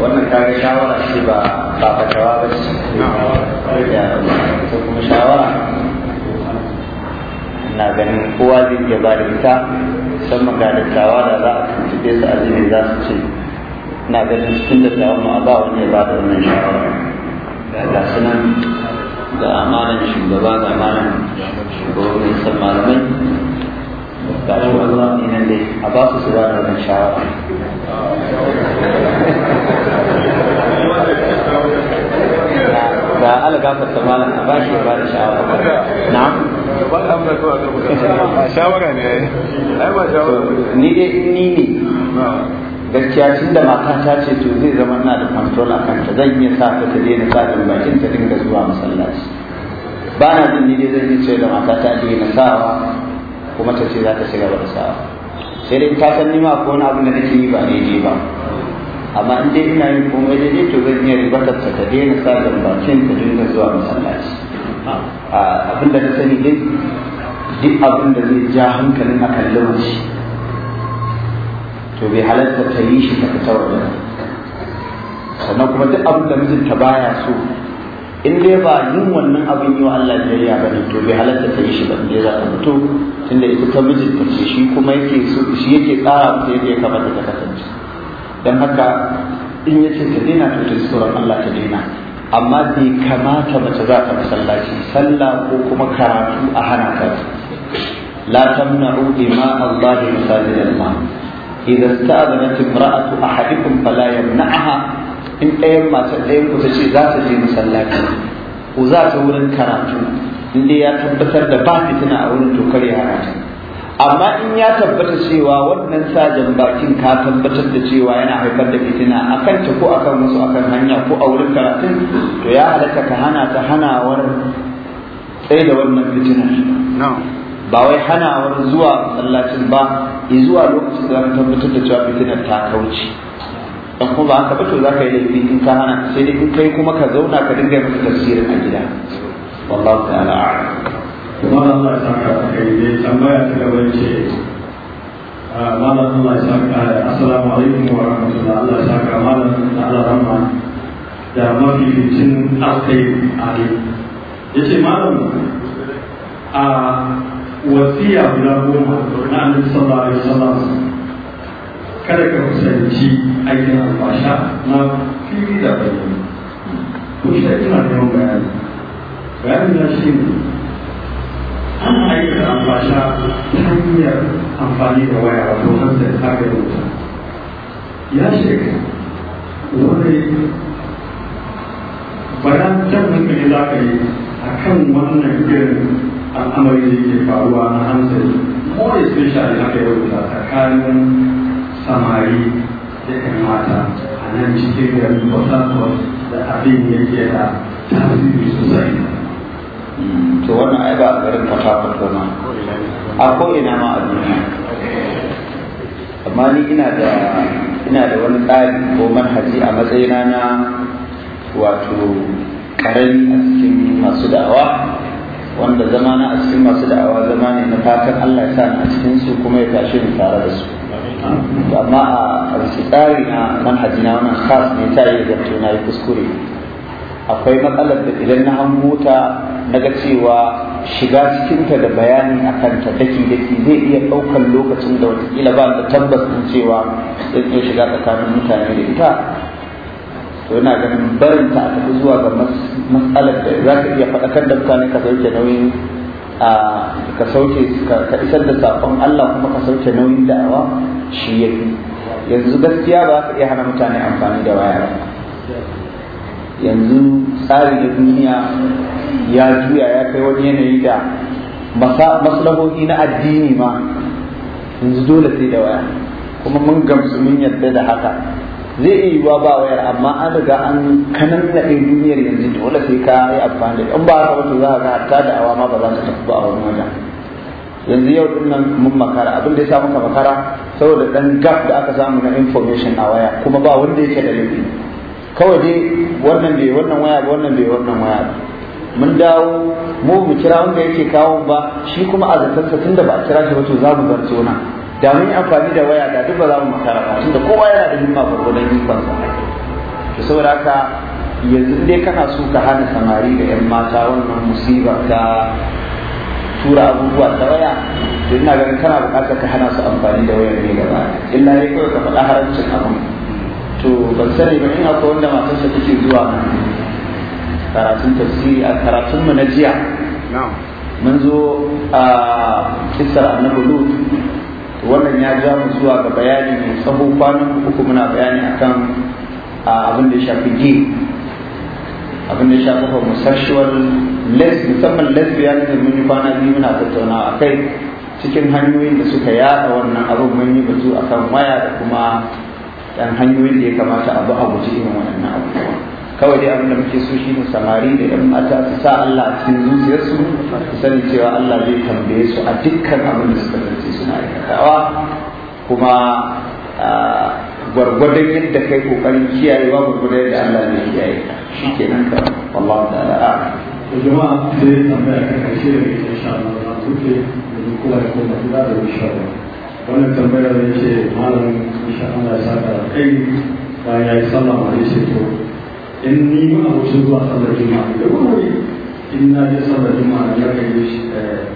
wannan kare shawara shi ba ba ta kawa ba shi ya to kuma shawara na ganin kowa zai iya ba da ita musamman ga dattawa da za a tuntuɓe su azumi za su ce na ganin cikin dattawan mu a ba wanda ba da wannan shawara ga ga sunan ga amalan shugaba ga amalan shugabannin san malamai ga shugaba ne nan dai a ba su su ba da wannan shawara ga algafar ta malam a bashi ya ba da shawara na'am shawara ne ai ba shawara ni dai ni ne gaskiya tun da mata ta ce to zai zama ina da control a kanta zan yi sa ta ta daina sa ta bakin ta dinga zuwa masallaci ba na jin ni dai zan yi ce da mata ta daina sawa kuma ta ce za ta shiga gaba da sawa sai dai ta san nima ko wani abu da nake yi ba je ba amma in dai ina yin komai ne to zan yi ribatar ta ta daina sa ta bakin ta dinga zuwa masallaci abin da ta sani dai duk abin da zai ja hankalin a kan lokaci to bai halatta ta yi shi ta fitar da sannan kuma duk abin da mijinta baya so in dai ba yin wannan abin yi wa Allah biyayya ba ne to bai halatta ta yi shi ba in dai za ta fito tunda ita ta mijinta ce shi kuma yake so shi yake tsara ta yadda ya kamata ta kasance dan haka in yace ta daina to ta tsoron Allah ta daina amma bai kamata mace za ta masallaci sallah ko kuma karatu a hana ta la tamna'u ima Allah masajidal ma' idan sta'adanat imra'atu ahadikum fala yamna'aha in ɗayan matar ɗayan ku ta ce za ta je masallaci ko za ta wurin karatu in ya tabbatar da ba fitina a wurin tokar yara amma in ya tabbata cewa wannan sajan bakin ka tabbatar da cewa yana haifar da fitina akan ta ko akan wasu akan hanya ko a wurin karatun to ya halatta ka hana ta hanawar tsaye da wannan fitina. ba wai hanawar zuwa masallacin ba zuwa lokacin da zaka tabbatar da cewa fitinar ta kauce dan kuma ba haka ba to zaka yi laifi in ka hana sai dai in kai kuma ka zauna ka dinga masa tafsirin a gida wallahu ta'ala a'lam kuma Allah ya saka kai dai tambaya ta gaba ce ah, malam Allah ya saka assalamu alaikum wa rahmatullahi Allah ya saka malam Allah rahma da mafificin alkai ali yace malam a ah, wasiya guda goma na annabi sallallahu alaihi wasallam kada ka kusanci aikin albasha na fili da bayyana ko shi na neman bayani bayani na shi ne an aikata albasha ta hanyar amfani da waya wato hanzar tsarin wuta ya shirya wani bayan can hankali za ka yi a kan wannan irin al'amari da yake faruwa na hansari more especially haka yau da tsakanin samari da yan mata a nan cikin garin port da abin da yake da tasiri sosai to wannan ai ba a garin port harcourt ba a ko'ina ma a duniya amma ni ina da ina da wani tsari ko manhaji a matsayina na wato karami a cikin masu da'awa wanda zama na a cikin masu da'awa zama ne na fatan Allah ya sa ni a cikin su kuma ya tashi ni tare da su amma a bisa tsari na manhaji na wannan khas ne ta yi zato na yi kuskure akwai matsalar da idan na an mota na ga cewa shiga cikinta da bayani a kanta daki daki zai iya ɗaukar lokacin da watakila ba da tabbas ɗin cewa zai iya shiga tsakanin mutane da ita to ina ganin barin ta tafi zuwa ga matsalar da za ka iya faɗakar da mutane ka sauke nauyin a ka sauke ka isar da saƙon Allah kuma ka sauke nauyin da'awa shi ya fi yanzu gaskiya ba ka iya hana mutane amfani da waya ba yanzu tsarin da duniya ya juya ya kai wani yanayi da maslahohi na addini ma yanzu dole sai da waya kuma mun gamsu mun yarda da haka zai iya yiwuwa ba wayar amma an riga an kanan na ɗin duniyar yanzu dole sai ka yi amfani da in ba haka wato za a ga ta da awa ma ba za ta tafi ba a wani wajen yanzu yau din nan mun makara abin da ya sa maka makara saboda ɗan gap da aka samu na information a waya kuma ba wanda yake da laifi kawai dai wannan bai wannan waya ba wannan bai wannan waya ba mun dawo mu mu kira wanda yake kawo ba shi kuma a tunda ba a kira shi ba to za mu bar tsona. da mun yi amfani da waya da duk ba za mu makara ba tunda kowa yana da himma gurgurdan ikonsa to saboda haka yanzu dai kana so ka hana samari da 'yan mata wannan musiba ta tura abubuwa ta waya to ina ganin kana buƙatar ka hana su amfani da wayar ne gaba illa dai kawai ka faɗa harancin abin to ban sani ba in akwai wanda sa take zuwa karatun tafsiri a karatun mu na jiya mun zo a kissar annabi lut wannan ya ja mu zuwa ga bayani mai tsaho kwanan uku muna bayani akan abin da ya shafi gay abin da ya shafi musashiwar les musamman lesbian da mun yi kwana biyu muna tattauna a kai cikin hanyoyin da suka yada wannan abin mun yi batu akan waya da kuma dan hanyoyin da ya kamata a bi a guji irin waɗannan abubuwa kawai dai abin da muke so shi samari da yan mata su sa Allah a cikin zuciyarsu su sani cewa Allah zai tambaye su a dukkan abin da suka zance suna aikatawa kuma gwargwadon yadda kai kokarin kiyayewa gwargwadon yadda Allah zai kiyaye ka shi ke nan ka Allah ta ala a jama'a sai tambaya kan karshe da ke insha Allah na tuke da kula da kuma kula da insha wannan tambayar ya ce malam insha Allah ya saka kai bayan ya yi sallama ne sai to dan ni ma abokin zuwa sallar juma'a da wani in na je sallar juma'a na yi shi eh,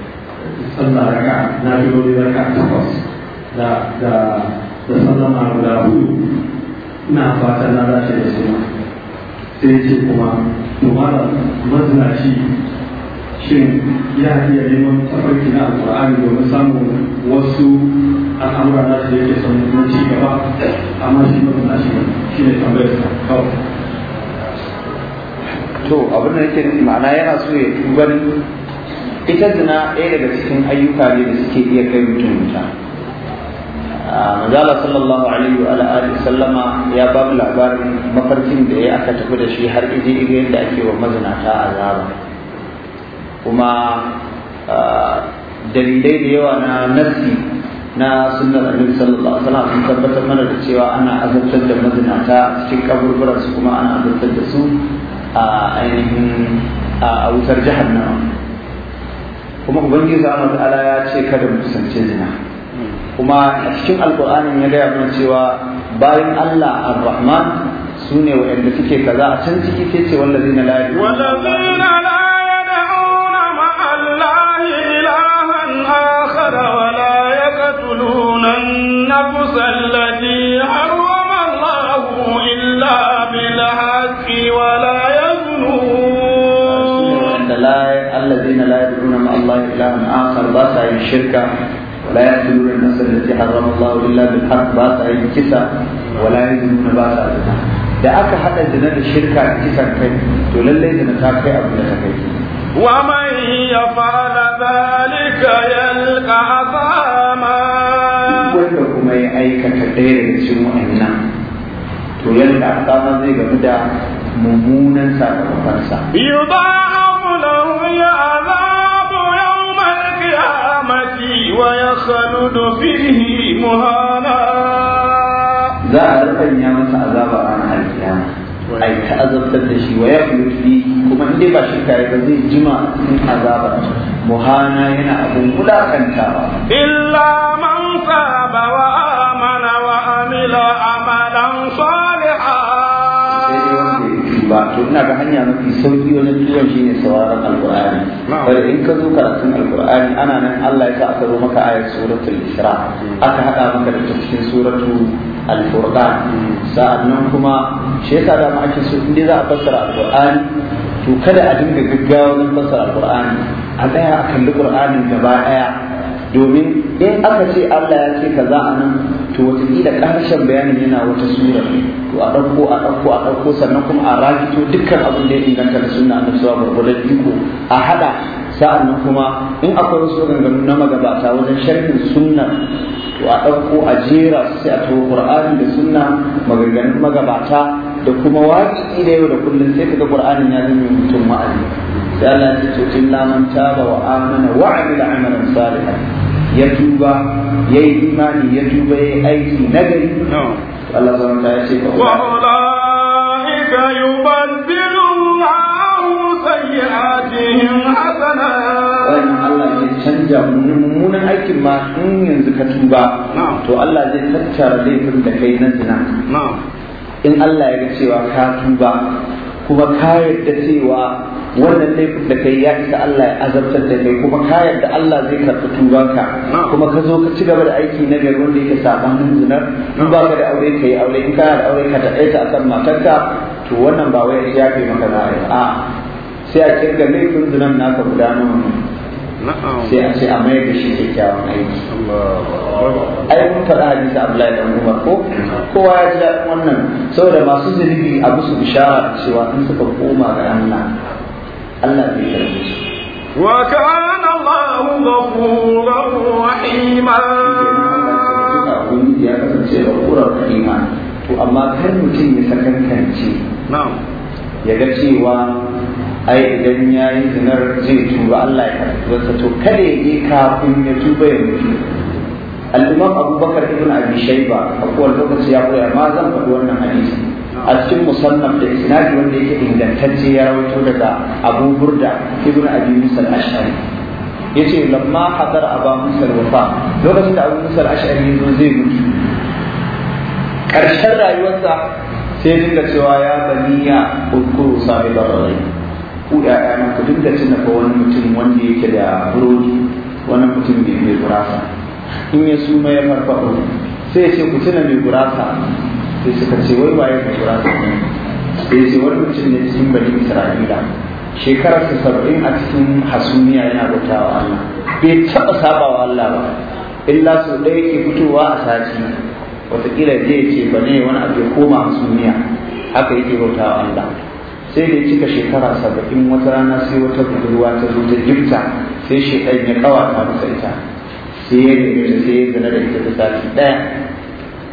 sallar raka na biyo da raka takwas da da da sallama guda hudu ina fata na za dace da su sai ce kuma tumara mazinaci shin ya iya neman tafarki na alƙur'ani domin samun wasu al'amura na su yake son ci gaba amma shi mazinaci shi ne tambayar kawai to abin da yake nufi ma'ana yana so ya tuba ita zina ɗaya daga cikin ayyuka ne da suke iya kai mutum wuta Mazala sallallahu alaihi wa alihi sallama ya ba mu labarin mafarkin da ya aka tafi da shi har iji iri yadda ake wa mazinata azaba kuma dalilai da yawa na nasi na sunnar annabi sallallahu alaihi wasallam sun tabbatar mana da cewa ana azabtar da mazinata cikin kaburburan kuma ana azabtar da su a ainihin a wutar jahannama kuma ubangiji Allah ta'ala ya ce kada mu kusance zina kuma a cikin Alƙur'anin ya gaya mana cewa bayan Allah ar-rahman sune wa'anda suke kaza a can ciki ke ce wallazina la yu'minuna آخر باسا الشركة ولا يقتلون النفس التي حرم الله إلا بالحق باسا الكسى ولا يزنون باسا da aka haɗa zina da shirka a kisan kai to lallai zina ta kai abu da ta kai ya يفعل zalika يلقى wanda kuma ya aikata ɗaya daga cikin wa'annan to yadda asama zai gamu da mummunan sakamakonsa yudaa'u lahu ya ويخلد فيه مهانا za a rufanya masa azaba a ranar kiyama ai azabtar da shi wa ya fi kuma inda ba shi kare ba zai jima in azaba muhana yana abin wulakantawa illa man saba ina ga hanya mafi sauki wani tuwon shi ne sauraron alkur'ani bari in ka zo karatun alkur'ani ana nan Allah ya sa aka zo maka ayar suratul isra hmm. aka haɗa maka da cikin suratul al hmm. sa'annan kuma shi yasa da ake so in dai za a fassara alkur'ani to kada a dinga gaggawa wajen fassara alkur'ani a tsaya a kalli qur'anin gaba daya domin in aka ce Allah ya ce kaza a nan to wataƙila ƙarshen bayanin yana wata sura to a ɗauko a ɗauko a ɗauko sannan kuma a rakito dukkan abin da ya inganta da sunna na sallallahu alaihi wasallam iko a haɗa sa'an nan kuma in akwai wasu ganganu na magabata wajen sharhin sunna to a ɗauko a jera su sai a tawo qur'ani da sunna maganganun magabata da kuma waƙi da yau da kullum sai kaga qur'anin ya zama mutum ma'aji. sai Allah ya ce illa laman taba wa amana wa amila amalan salihan ya tuba yayi imani ya tuba yayi aiki nagari Allah subhanahu wa ya ce wa ulaika yubaddilu Allahu sayyi'atihim hasanat wannan Allah ke canja mummunan aikin ma in yanzu ka tuba to Allah zai tattara laifin da kai na zina in Allah ya ga cewa ka tuba kuma ka yarda cewa wannan laifin da kai ya isa Allah ya azabtar da kai kuma ka yarda Allah zai karɓi tubanka kuma ka zo ka ci gaba da aiki na gari wanda yake sabanin zinar in ba ka da aure ka yi aure in ka da aure ka ta a kan matarka to wannan ba wai ya fi maka za'a a sai a kirga laifin zinar naka gudanarwa. sai a ce a mai da shi kyakkyawan aiki ai mun faɗa hadisi Abdullahi da Umar ko kowa ya ji wannan saboda masu zunubi a musu bishara cewa in suka koma ga Allah Allah zai karbe su wa kana Allahu ghafurur rahima ya kasance ghafurur rahima to amma kar mutum ya sakankance na'am ya ga cewa ai idan ya yi zinar zai tuba Allah ya wasa to kada ya je kafin ya tuba ya mutu al-imam abubakar ibn abi shayba akwai lokaci ya koya ma zan faɗi wannan hadisi a cikin musannaf da isnadi wanda yake ingantacce ya rawaito daga abu burda ibn abi musal ashari yace lamma hadar aba musa wafa lokacin da abu musal ashari zo zai mutu karshen rayuwarsa sai dinga cewa ya baniya ukuru sabi barrai ku ya'ya nan ku dinga tuna fa wani mutum wanda yake da burodi wani mutum ne mai gurasa in ya suma ya farfaɗo sai ya ce ku tuna mai gurasa sai suka ce wai waye mai gurasa ne sai ya ce wani mutum ne cikin bani isra'ila Shekarar shekararsa saba'in a cikin hasumiya yana bauta wa Allah bai taɓa saba wa Allah ba illa sau ɗaya yake fitowa a sati wataƙila zai ce ba ne wani abu ya koma hasumiya haka yake bauta wa Allah sai da ya cika shekara saba'in wata rana sai wata budurwa ta zo ta gifta sai shekai ya ta masa ita sai ya gina sai ya gina da ita ta sati ɗaya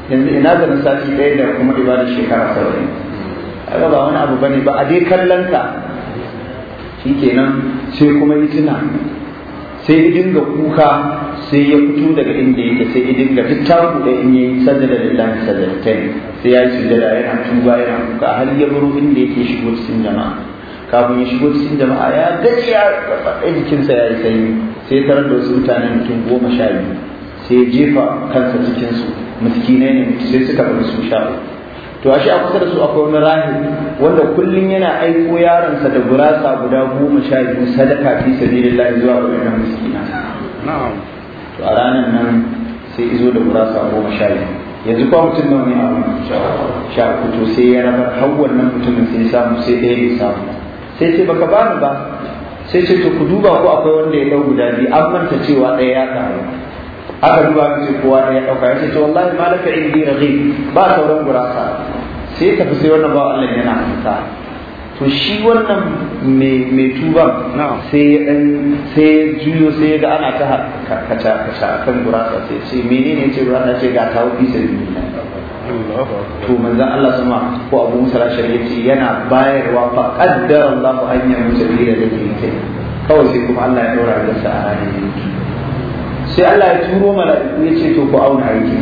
yanzu ina na sati ɗaya da kuma ibada shekara saba'in kaga ba wani abu bane ba a dai kallon ka kenan sai kuma yi tuna sai ya dinga kuka sai ya fito daga inda yake sai ya dinga tattaku da in yi sadada lillahi sadadatain sai ya ci da yana tuba yana kuka har ya buru inda yake shigo cikin jama'a kafin ya shigo cikin jama'a ya gaji ya tsatsatsa jikinsa ya yi sanyi sai tarar da wasu mutanen mutum goma sha biyu sai ya jefa kansa cikinsu, su miskinai ne sai suka bar su sha to ashe a kusa da su akwai wani rahi, wanda kullum yana aiko yaronsa da gurasa guda goma sha biyu sadaka fi sabilillah zuwa ga wannan na'am to a ranar nan sai izo da gurasa goma sha biyu yanzu kwa mutum nawa ne a wani sha uku to sai ya raba har wannan mutumin sai samu sai ɗaya ne samu sai ce baka bani ba sai ce to ku duba ko akwai wanda ya dau guda biyu an manta cewa ɗaya ya ƙaru aka duba ka ce kowa ɗaya ɗauka ya ce to wallahi ma laka indi raghib ba sauran gurasa sai tafi sai wannan ba Allah yana hanta to shi wannan mai tuba sai ya sai juyo sai ga ana ta kaca kaca kan gurasa sai ce menene ce gurasa ce ga ta tawo fi sabilillah to manzo Allah sama ko Abu Musa shari'a yana bayarwa fa qaddara Allahu an yamuta bi da yake kawai sai kuma Allah ya daura da sa a ranar sai Allah ya turo mala'iku ya ce to ku auna aikin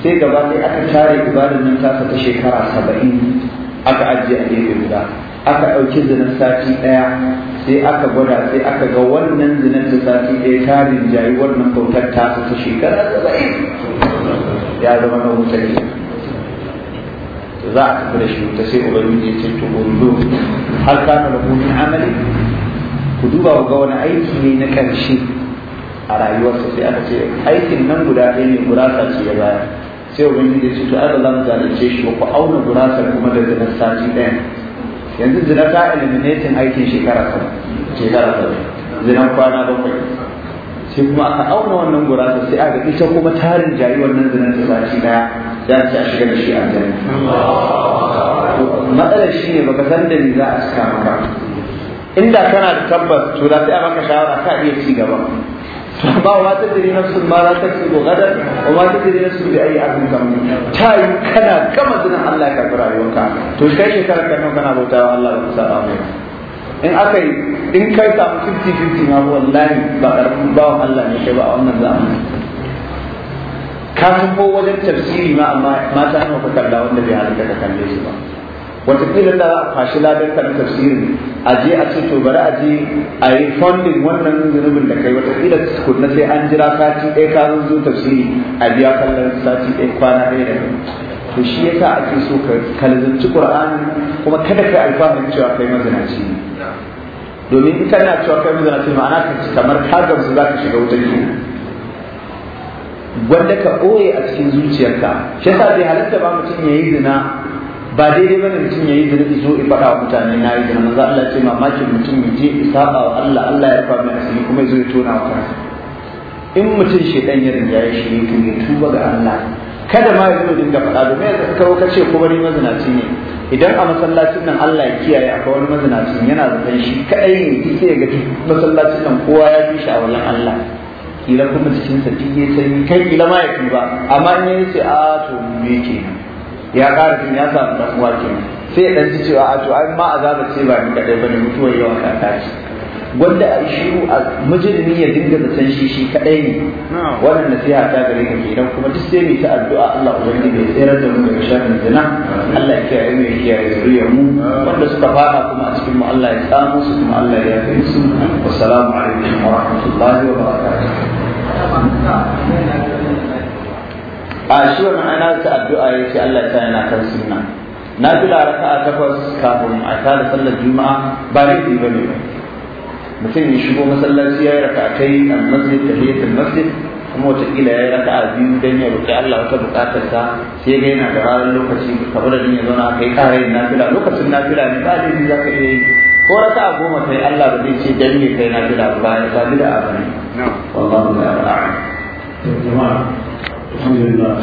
sai gaba sai aka tare ibadan nan ta ta shekara 70 aka ajiye a gefe guda aka ɗauki zinar sati ɗaya sai aka gwada sai aka ga wannan zinar ta sati ɗaya ta rinjayi wannan bautar ta ta shekara saba'in ya zama na mutane za a tafi da shi ta sai ubangiji ya ce to gundu har kana da hutun amali ku duba ga wani aiki ne na ƙarshe a rayuwarsa sai aka ce aikin nan guda ɗaya ne gurasa ce ya bayar sai wani ya ce to ai za mu zalunce shi ko auna gurasar kuma da zina sati ɗaya yanzu zina ta eliminating aikin shekara sama shekara sama zinan kwana bakwai sai kuma aka auna wannan gurasar sai aka ita kuma tarin jayi wannan zina ta sati ɗaya za a shiga da shi a jami'a matsalar shi ne baka san da ni za a cika maka inda kana da tabbas to za ta yi maka shawara ka iya ci gaba ba wa ta tiri na sun za ta tsibo gadar wa ma ta na sun bi ayi abin mun ta yi kana gama zinin Allah ka fara rayuwarka to kai ke ka nan kana bauta wa Allah ku sa'a mu in akai yi in kai samu 50-50 ma wallahi ba karfin ba Allah ne kai ba a wannan mu ka san ko wajen tafsiri ma amma mata nawa ka kalla wanda bai halaka ka kalle shi ba watakila da za a kwashi ladan na tafsirin a je a ce to bari a je a yi funding wannan zunubin da kai watakila sukun na sai an jira sati ɗaya ka zo tafsiri a biya kallon sati ɗaya kwana ɗaya da to shi yasa ake so ka kalzanci qur'ani kuma kada ka alfahari cewa kai mazinaci domin in kana cewa kai mazinaci ma'ana ka kamar ka gamsu za ka shiga wutar kenan wanda ka ɓoye a cikin zuciyarka shi yasa bai halitta ba mutum ya yi zina ba daidai bane mutum yayi zunubi zo in faɗa mutane na yi da manzo Allah ce mamakin mutum ya je isaba wa Allah Allah ya fara asiri kuma ya zo ya tona wa kansa in mutum shedan ya rinja ya shi to ya tuba ga Allah kada ma ya zo dinga faɗa domin ya kawo ka ce kuma ni mazinaci ne idan a masallacin nan Allah ya kiyaye akwai wani mazinacin yana zaton shi kadai ne sai ga masallacin nan kowa ya fi shi a wallan Allah kila kuma jikinsa duk ya sanyi kai kila ma ya ba amma in ya ce a ah, to me ya ƙara jin ya samu ɗan uwa sai ya ɗan ji cewa a to ai ma ce ba ni kaɗai ba ne mutuwar yawan kaka ce wanda a shiru a mujrimi ya dinga zaton shi shi kaɗai ne wannan nasiha ta gare ka kenan kuma duk sai mai ta addu'a Allah ubangiji ya tsere da mu daga sharrin zina Allah ya kiyaye mu ya kiyaye zuriyar mu wanda suka fara kuma a cikin mu Allah ya tsamo su kuma Allah ya yafe su wassalamu alaikum wa rahmatullahi wa barakatuh a shi wa ma'ana ta addu'a ya ce Allah ta yana kan sunna na fila raka a takwas kafin a tara sallar juma'a ba laifi ba ne ba mutum ya shigo masallaci ya yi raka a kai a masjid ta ta masjid kuma watakila ya yi raka a biyu don ya roƙi Allah wata buƙatar ta sai ga yana da ranar lokaci kamar da ya zauna kai ƙara yin nafila lokacin nafila ne ba laifi za ka iya yi ko raka a goma kai Allah ba zai ce dan ne kai nafila ba ya ba bida a bane wallahu ta'ala jama'a الحمد لله